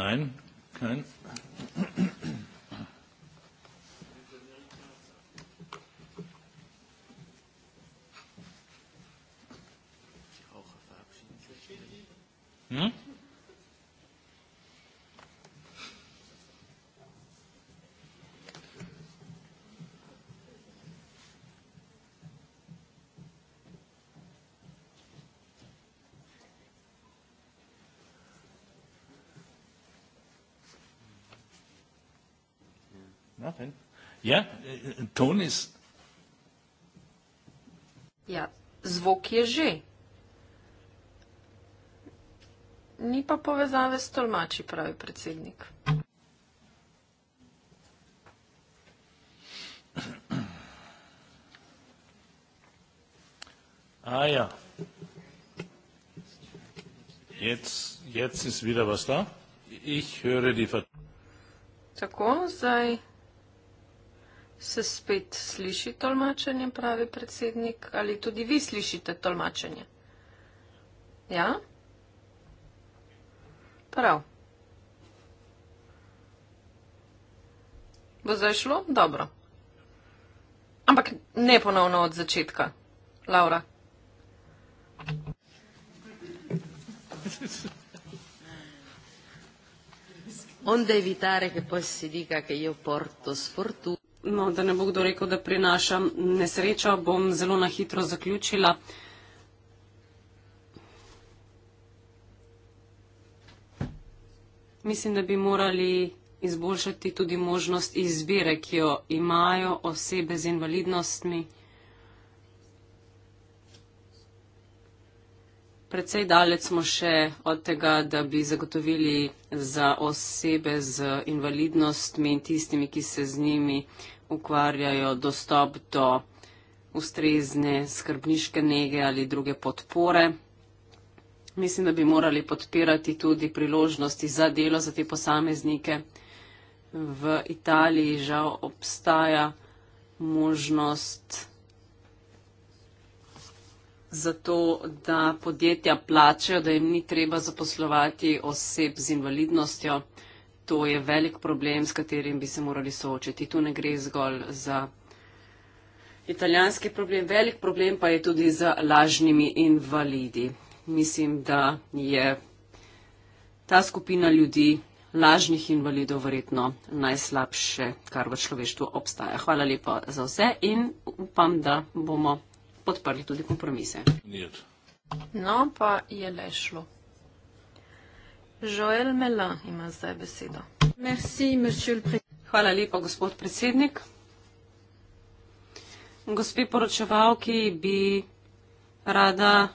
nein kein Ja, ton je. Ja, zvok je že. Ni pa povezave s tolmači, pravi predsednik. A ja. Jetzt, jetzt ist wieder was da. Ich höre die Vertretung. Tako, zdaj se spet sliši tolmačenje, pravi predsednik, ali tudi vi slišite tolmačenje? Ja? Prav. Bo zdaj šlo? Dobro. Ampak ne ponovno od začetka. Laura. Onda evitare che poi si dica che io porto sfortuna no, da ne bo kdo rekel, da prinašam nesrečo, bom zelo na hitro zaključila. Mislim, da bi morali izboljšati tudi možnost izbire, ki jo imajo osebe z invalidnostmi. Predvsej daleč smo še od tega, da bi zagotovili za osebe z invalidnostmi in tistimi, ki se z njimi ukvarjajo, dostop do ustrezne skrbniške nege ali druge podpore. Mislim, da bi morali podpirati tudi priložnosti za delo za te posameznike. V Italiji žal obstaja možnost zato, da podjetja plačajo, da jim ni treba zaposlovati oseb z invalidnostjo. To je velik problem, s katerim bi se morali soočiti. Tu ne gre zgolj za italijanski problem, velik problem pa je tudi za lažnimi invalidi. Mislim, da je ta skupina ljudi, lažnih invalidov, verjetno najslabše, kar v človeštvu obstaja. Hvala lepa za vse in upam, da bomo podprli tudi kompromise. Nijed. No, pa je le šlo. Joel Mela ima zdaj besedo. Merci, Hvala lepa, gospod predsednik. Gospe poročevalki bi rada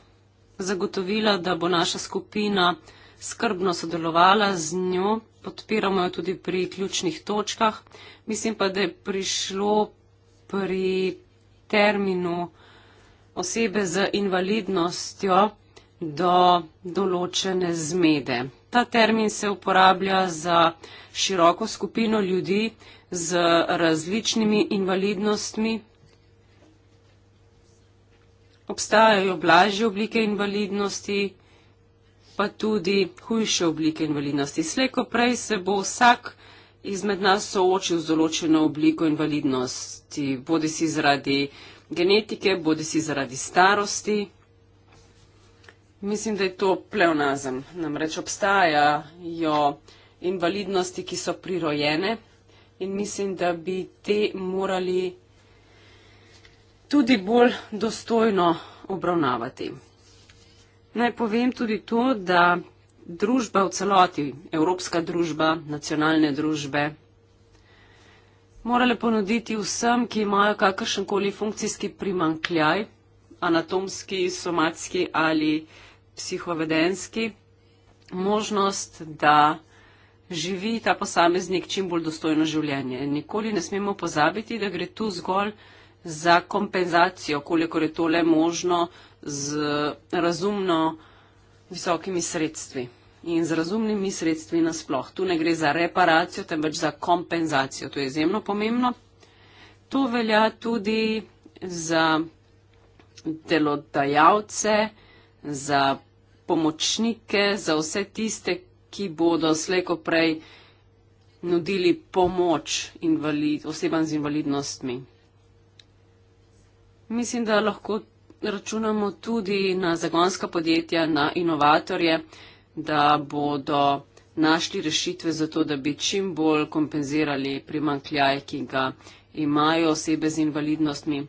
zagotovila, da bo naša skupina skrbno sodelovala z njo. Podpiramo jo tudi pri ključnih točkah. Mislim pa, da je prišlo pri terminu osebe z invalidnostjo do določene zmede. Ta termin se uporablja za široko skupino ljudi z različnimi invalidnostmi. Obstajajo blažje oblike invalidnosti, pa tudi hujše oblike invalidnosti. Sleko prej se bo vsak izmed nas soočil z določeno obliko invalidnosti, bodi si zaradi genetike, bodi si zaradi starosti. Mislim, da je to pleonazem. Namreč obstajajo invalidnosti, ki so prirojene in mislim, da bi te morali tudi bolj dostojno obravnavati. Naj povem tudi to, da družba v celoti, evropska družba, nacionalne družbe, morale ponuditi vsem, ki imajo kakršen koli funkcijski primankljaj, anatomski, somatski ali psihovedenski, možnost, da živi ta posameznik čim bolj dostojno življenje. Nikoli ne smemo pozabiti, da gre tu zgolj za kompenzacijo, koliko je tole možno z razumno visokimi sredstvi in z razumnimi sredstvi nasploh. Tu ne gre za reparacijo, temveč za kompenzacijo. To je izjemno pomembno. To velja tudi za delodajalce, za pomočnike, za vse tiste, ki bodo slejko prej nudili pomoč invalid, osebam z invalidnostmi. Mislim, da lahko računamo tudi na zagonska podjetja, na inovatorje, da bodo našli rešitve za to, da bi čim bolj kompenzirali primankljaj, ki ga imajo osebe z invalidnostmi.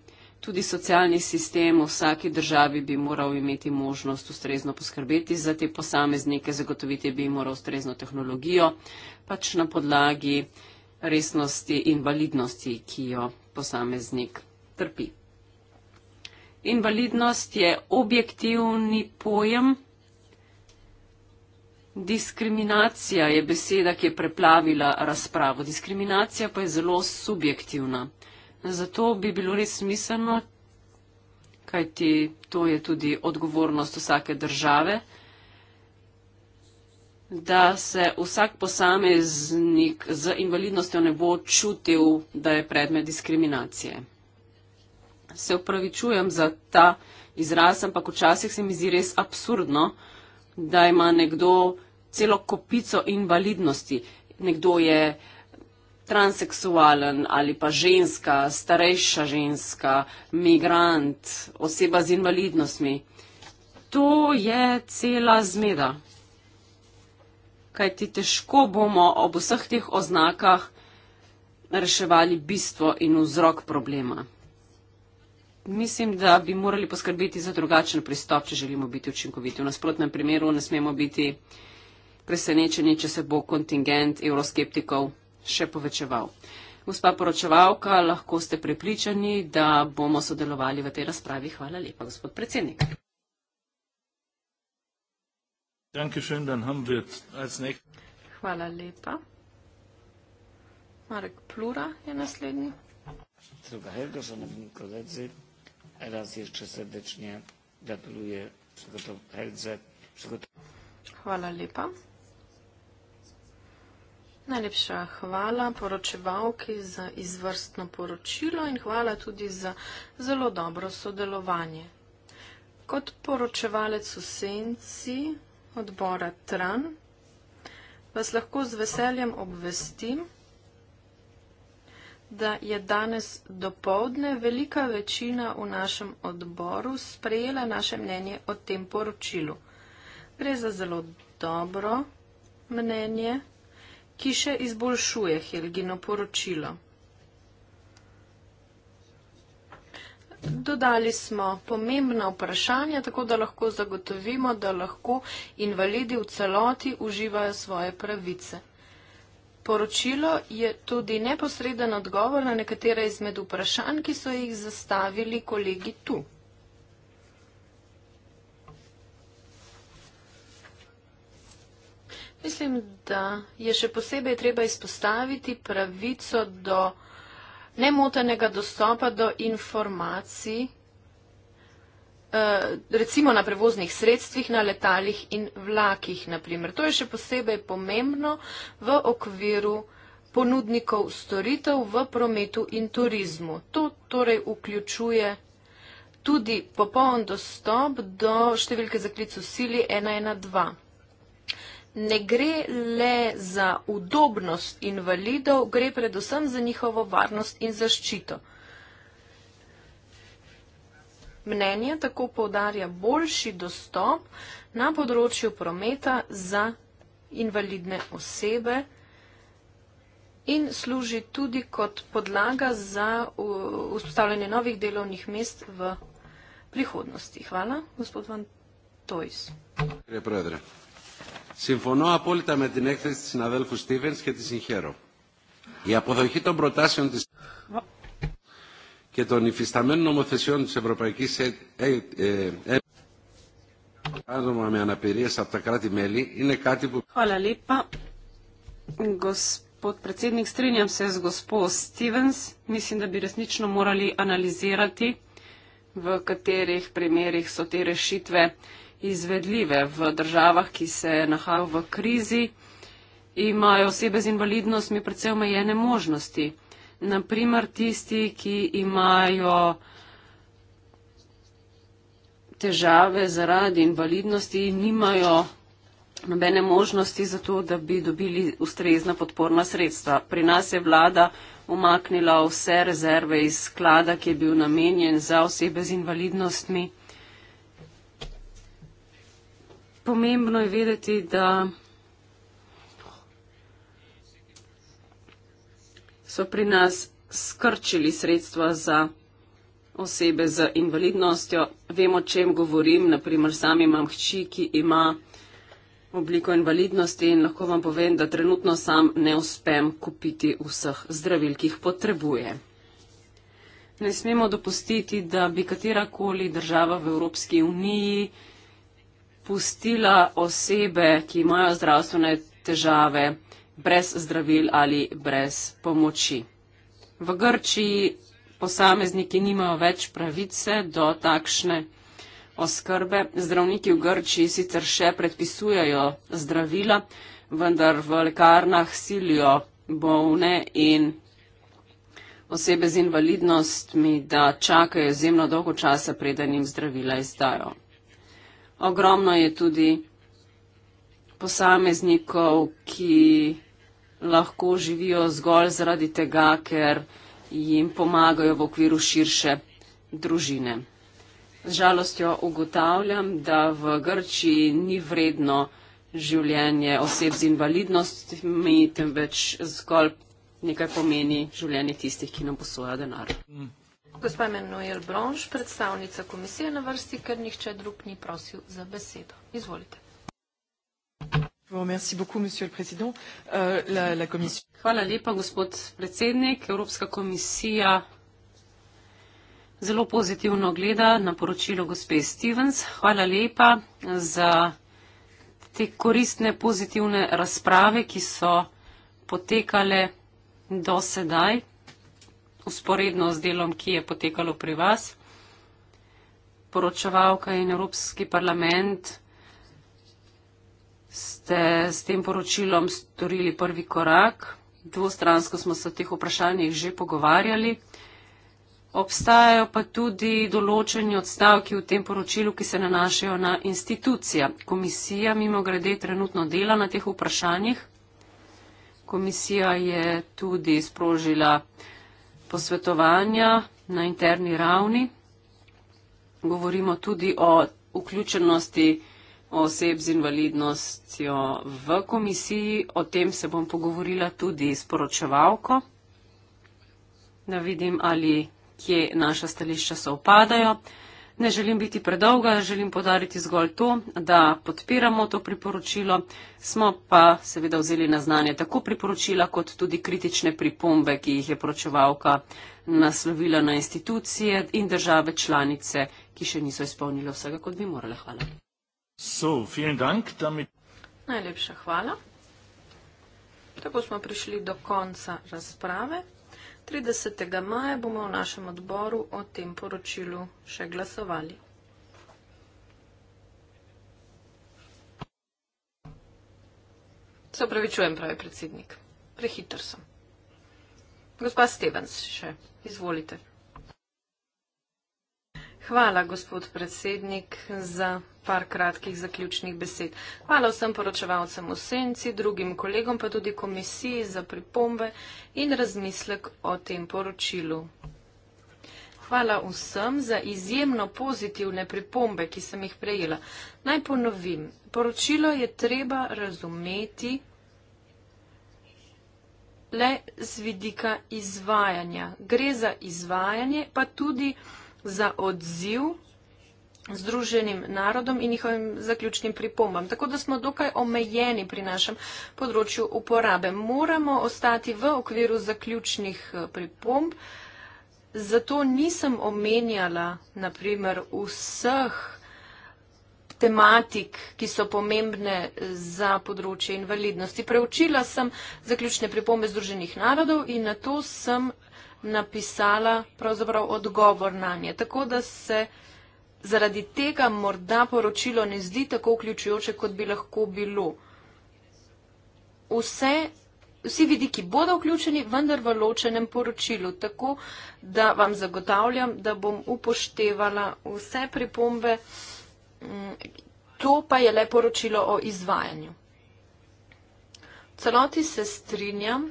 Tudi socialni sistem v vsaki državi bi moral imeti možnost ustrezno poskrbeti za te posameznike, zagotoviti bi moral ustrezno tehnologijo, pač na podlagi resnosti invalidnosti, ki jo posameznik trpi. Invalidnost je objektivni pojem, Diskriminacija je beseda, ki je preplavila razpravo. Diskriminacija pa je zelo subjektivna. Zato bi bilo res smiselno, kajti to je tudi odgovornost vsake države, da se vsak posameznik z invalidnostjo ne bo čutil, da je predmet diskriminacije. Se upravičujem za ta izraz, ampak včasih se mi zdi res absurdno, da ima nekdo, celo kopico invalidnosti. Nekdo je transseksualen ali pa ženska, starejša ženska, migrant, oseba z invalidnostmi. To je cela zmeda. Kaj ti težko bomo ob vseh teh oznakah reševali bistvo in vzrok problema. Mislim, da bi morali poskrbeti za drugačen pristop, če želimo biti učinkoviti. V nasprotnem primeru ne smemo biti presenečeni, če se bo kontingent evroskeptikov še povečeval. Gospa poročevalka, lahko ste prepričani, da bomo sodelovali v tej razpravi. Hvala lepa, gospod predsednik. Hvala lepa. Marek Plura je naslednji. Druga Helga, šanovni kolegi, raz še srdečne gratuluje Helze. Hvala lepa. Najlepša hvala poročevalki za izvrstno poročilo in hvala tudi za zelo dobro sodelovanje. Kot poročevalec v senci odbora Tran vas lahko z veseljem obvestim, da je danes dopovdne velika večina v našem odboru sprejela naše mnenje o tem poročilu. Gre za zelo dobro mnenje ki še izboljšuje Helgino poročilo. Dodali smo pomembna vprašanja, tako da lahko zagotovimo, da lahko invalidi v celoti uživajo svoje pravice. Poročilo je tudi neposreden odgovor na nekatere izmed vprašanj, ki so jih zastavili kolegi tu. Mislim, da je še posebej treba izpostaviti pravico do nemotenega dostopa do informacij, eh, recimo na prevoznih sredstvih, na letalih in vlakih. Naprimer. To je še posebej pomembno v okviru ponudnikov storitev v prometu in turizmu. To torej vključuje tudi popoln dostop do številke za klic v sili 112 ne gre le za udobnost invalidov, gre predvsem za njihovo varnost in zaščito. Mnenje tako povdarja boljši dostop na področju prometa za invalidne osebe in služi tudi kot podlaga za vzpostavljanje novih delovnih mest v prihodnosti. Hvala, gospod Van Tojs. Συμφωνώ απόλυτα με την έκθεση της συναδέλφου Στίβενς και τη συγχαίρω. Η αποδοχή των προτάσεων της και των υφισταμένων νομοθεσιών της Ευρωπαϊκής Ένωμα με αναπηρίες από τα κράτη-μέλη είναι κάτι που... Παλα λίπα, gospod predsednik, strinjam se z gospod Stevens. Mislim, da bi resnično morali analizirati, v katerih primerih so te rešitve vsega izvedljive. V državah, ki se nahajajo v krizi, imajo osebe z invalidnostmi predvsej omejene možnosti. Naprimer, tisti, ki imajo težave zaradi invalidnosti, nimajo nobene možnosti za to, da bi dobili ustrezna podporna sredstva. Pri nas je vlada umaknila vse rezerve iz sklada, ki je bil namenjen za osebe z invalidnostmi pomembno je vedeti, da so pri nas skrčili sredstva za osebe z invalidnostjo. Vemo, čem govorim. Naprimer, sam imam hči, ki ima obliko invalidnosti in lahko vam povem, da trenutno sam ne uspem kupiti vseh zdravil, ki jih potrebuje. Ne smemo dopustiti, da bi katerakoli država v Evropski uniji pustila osebe, ki imajo zdravstvene težave brez zdravil ali brez pomoči. V Grčiji posamezniki nimajo več pravice do takšne oskrbe. Zdravniki v Grčiji sicer še predpisujejo zdravila, vendar v lekarnah silijo bolne in osebe z invalidnostmi, da čakajo izjemno dolgo časa, preden jim zdravila izdajo. Ogromno je tudi posameznikov, ki lahko živijo zgolj zaradi tega, ker jim pomagajo v okviru širše družine. Z žalostjo ugotavljam, da v Grčiji ni vredno življenje oseb z invalidnostmi, temveč zgolj nekaj pomeni življenje tistih, ki nam posoja denar. Mm. Gospa Menuel Bronš, predstavnica komisije na vrsti, ker nihče drug ni prosil za besedo. Izvolite. Euh, Hvala lepa, gospod predsednik. Evropska komisija zelo pozitivno gleda na poročilo gospe Stevens. Hvala lepa za te koristne, pozitivne razprave, ki so potekale do sedaj usporedno z delom, ki je potekalo pri vas. Poročevalka in Evropski parlament ste s tem poročilom storili prvi korak. Dvostransko smo se o teh vprašanjih že pogovarjali. Obstajajo pa tudi določeni odstavki v tem poročilu, ki se nanašajo na institucija. Komisija mimo grede trenutno dela na teh vprašanjih. Komisija je tudi sprožila posvetovanja na interni ravni. Govorimo tudi o vključenosti oseb z invalidnostjo v komisiji. O tem se bom pogovorila tudi s poročevalko, da vidim, ali kje naša stališča se upadajo. Ne želim biti predolga, želim podariti zgolj to, da podpiramo to priporočilo, smo pa seveda vzeli na znanje tako priporočila, kot tudi kritične pripombe, ki jih je poročevalka naslovila na institucije in države članice, ki še niso izpolnili vsega, kot bi morali. Hvala. So, dank, mi... Najlepša hvala. Tako smo prišli do konca razprave. 30. maja bomo v našem odboru o tem poročilu še glasovali. Se upravičujem, pravi predsednik. Prehiter sem. Gospa Stevens, še izvolite. Hvala, gospod predsednik, za par kratkih zaključnih besed. Hvala vsem poročevalcem v senci, drugim kolegom, pa tudi komisiji za pripombe in razmislek o tem poročilu. Hvala vsem za izjemno pozitivne pripombe, ki sem jih prejela. Naj ponovim, poročilo je treba razumeti le z vidika izvajanja. Gre za izvajanje, pa tudi za odziv združenim narodom in njihovim zaključnim pripombam. Tako da smo dokaj omejeni pri našem področju uporabe. Moramo ostati v okviru zaključnih eh, pripomb, zato nisem omenjala naprimer vseh tematik, ki so pomembne za področje invalidnosti. Preučila sem zaključne pripombe Združenih narodov in na to sem napisala pravzaprav odgovor na nje. Tako da se zaradi tega morda poročilo ne zdi tako vključujoče, kot bi lahko bilo. Vse, vsi vidiki bodo vključeni, vendar v ločenem poročilu, tako da vam zagotavljam, da bom upoštevala vse pripombe. Mm, to pa je le poročilo o izvajanju. V celoti se strinjam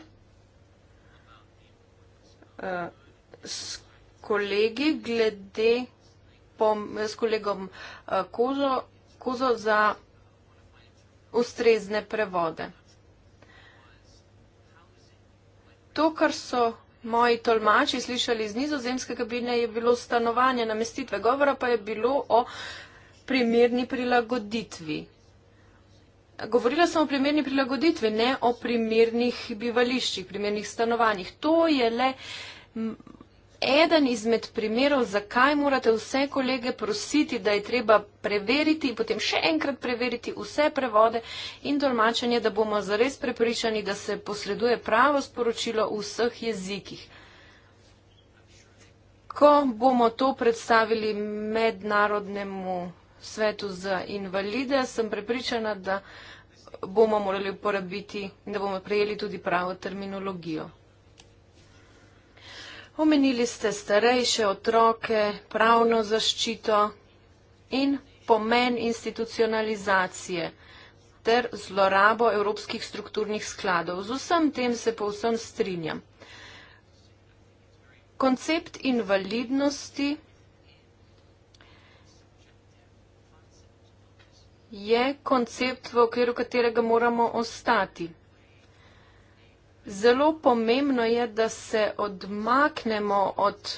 s kolegi glede pom, s kolegom uh, kozo, kozo za ustrezne prevode. To, kar so moji tolmači slišali iz nizozemskega bine, je bilo stanovanje, namestitve govora, pa je bilo o primerni prilagoditvi. Govorila sem o primernih prilagoditvi, ne o primernih bivališčih, primernih stanovanjih. To je le eden izmed primerov, zakaj morate vse kolege prositi, da je treba preveriti in potem še enkrat preveriti vse prevode in tolmačenje, da bomo zares prepričani, da se posreduje pravo sporočilo v vseh jezikih. Ko bomo to predstavili mednarodnemu svetu za invalide, sem prepričana, da bomo morali uporabiti in da bomo prejeli tudi pravo terminologijo. Omenili ste starejše otroke, pravno zaščito in pomen institucionalizacije ter zlorabo evropskih strukturnih skladov. Z vsem tem se povsem strinjam. Koncept invalidnosti je koncept, v okviru katerega moramo ostati. Zelo pomembno je, da se odmaknemo od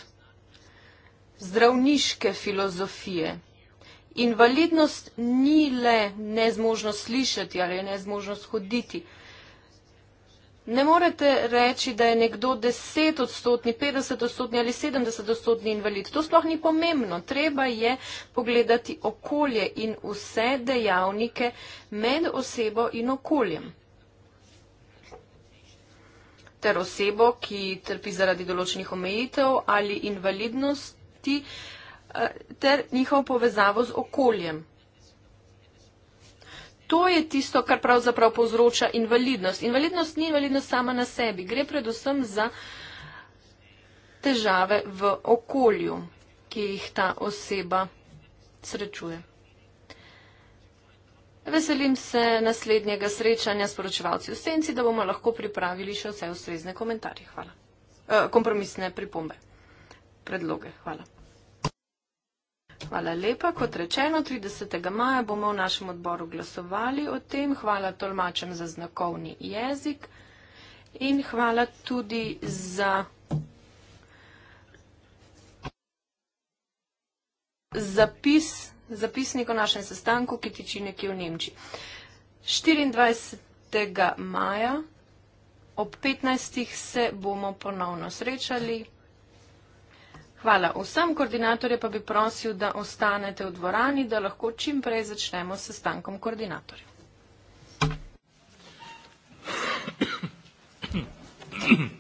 zdravniške filozofije. Invalidnost ni le nezmožnost slišati ali nezmožnost hoditi. Ne morete reči, da je nekdo 10 odstotni, 50 odstotni ali 70 odstotni invalid. To sploh ni pomembno. Treba je pogledati okolje in vse dejavnike med osebo in okoljem. Ter osebo, ki trpi zaradi določenih omejitev ali invalidnosti, eh, ter njihovo povezavo z okoljem. To je tisto, kar pravzaprav povzroča invalidnost. Invalidnost ni invalidnost sama na sebi, gre predvsem za težave v okolju, ki jih ta oseba srečuje. Veselim se naslednjega srečanja s poročevalci v senci, da bomo lahko pripravili še vse ustrezne komentarje. Hvala. E, kompromisne pripombe. Predloge. Hvala. Hvala lepa. Kot rečeno, 30. maja bomo v našem odboru glasovali o tem. Hvala tolmačem za znakovni jezik in hvala tudi za. Zapis, zapisnik o našem sestanku, ki tiči nekje v Nemčiji. 24. maja ob 15. se bomo ponovno srečali. Hvala vsem, koordinatorje pa bi prosil, da ostanete v dvorani, da lahko čim prej začnemo s sestankom koordinatorja. Mm-hmm.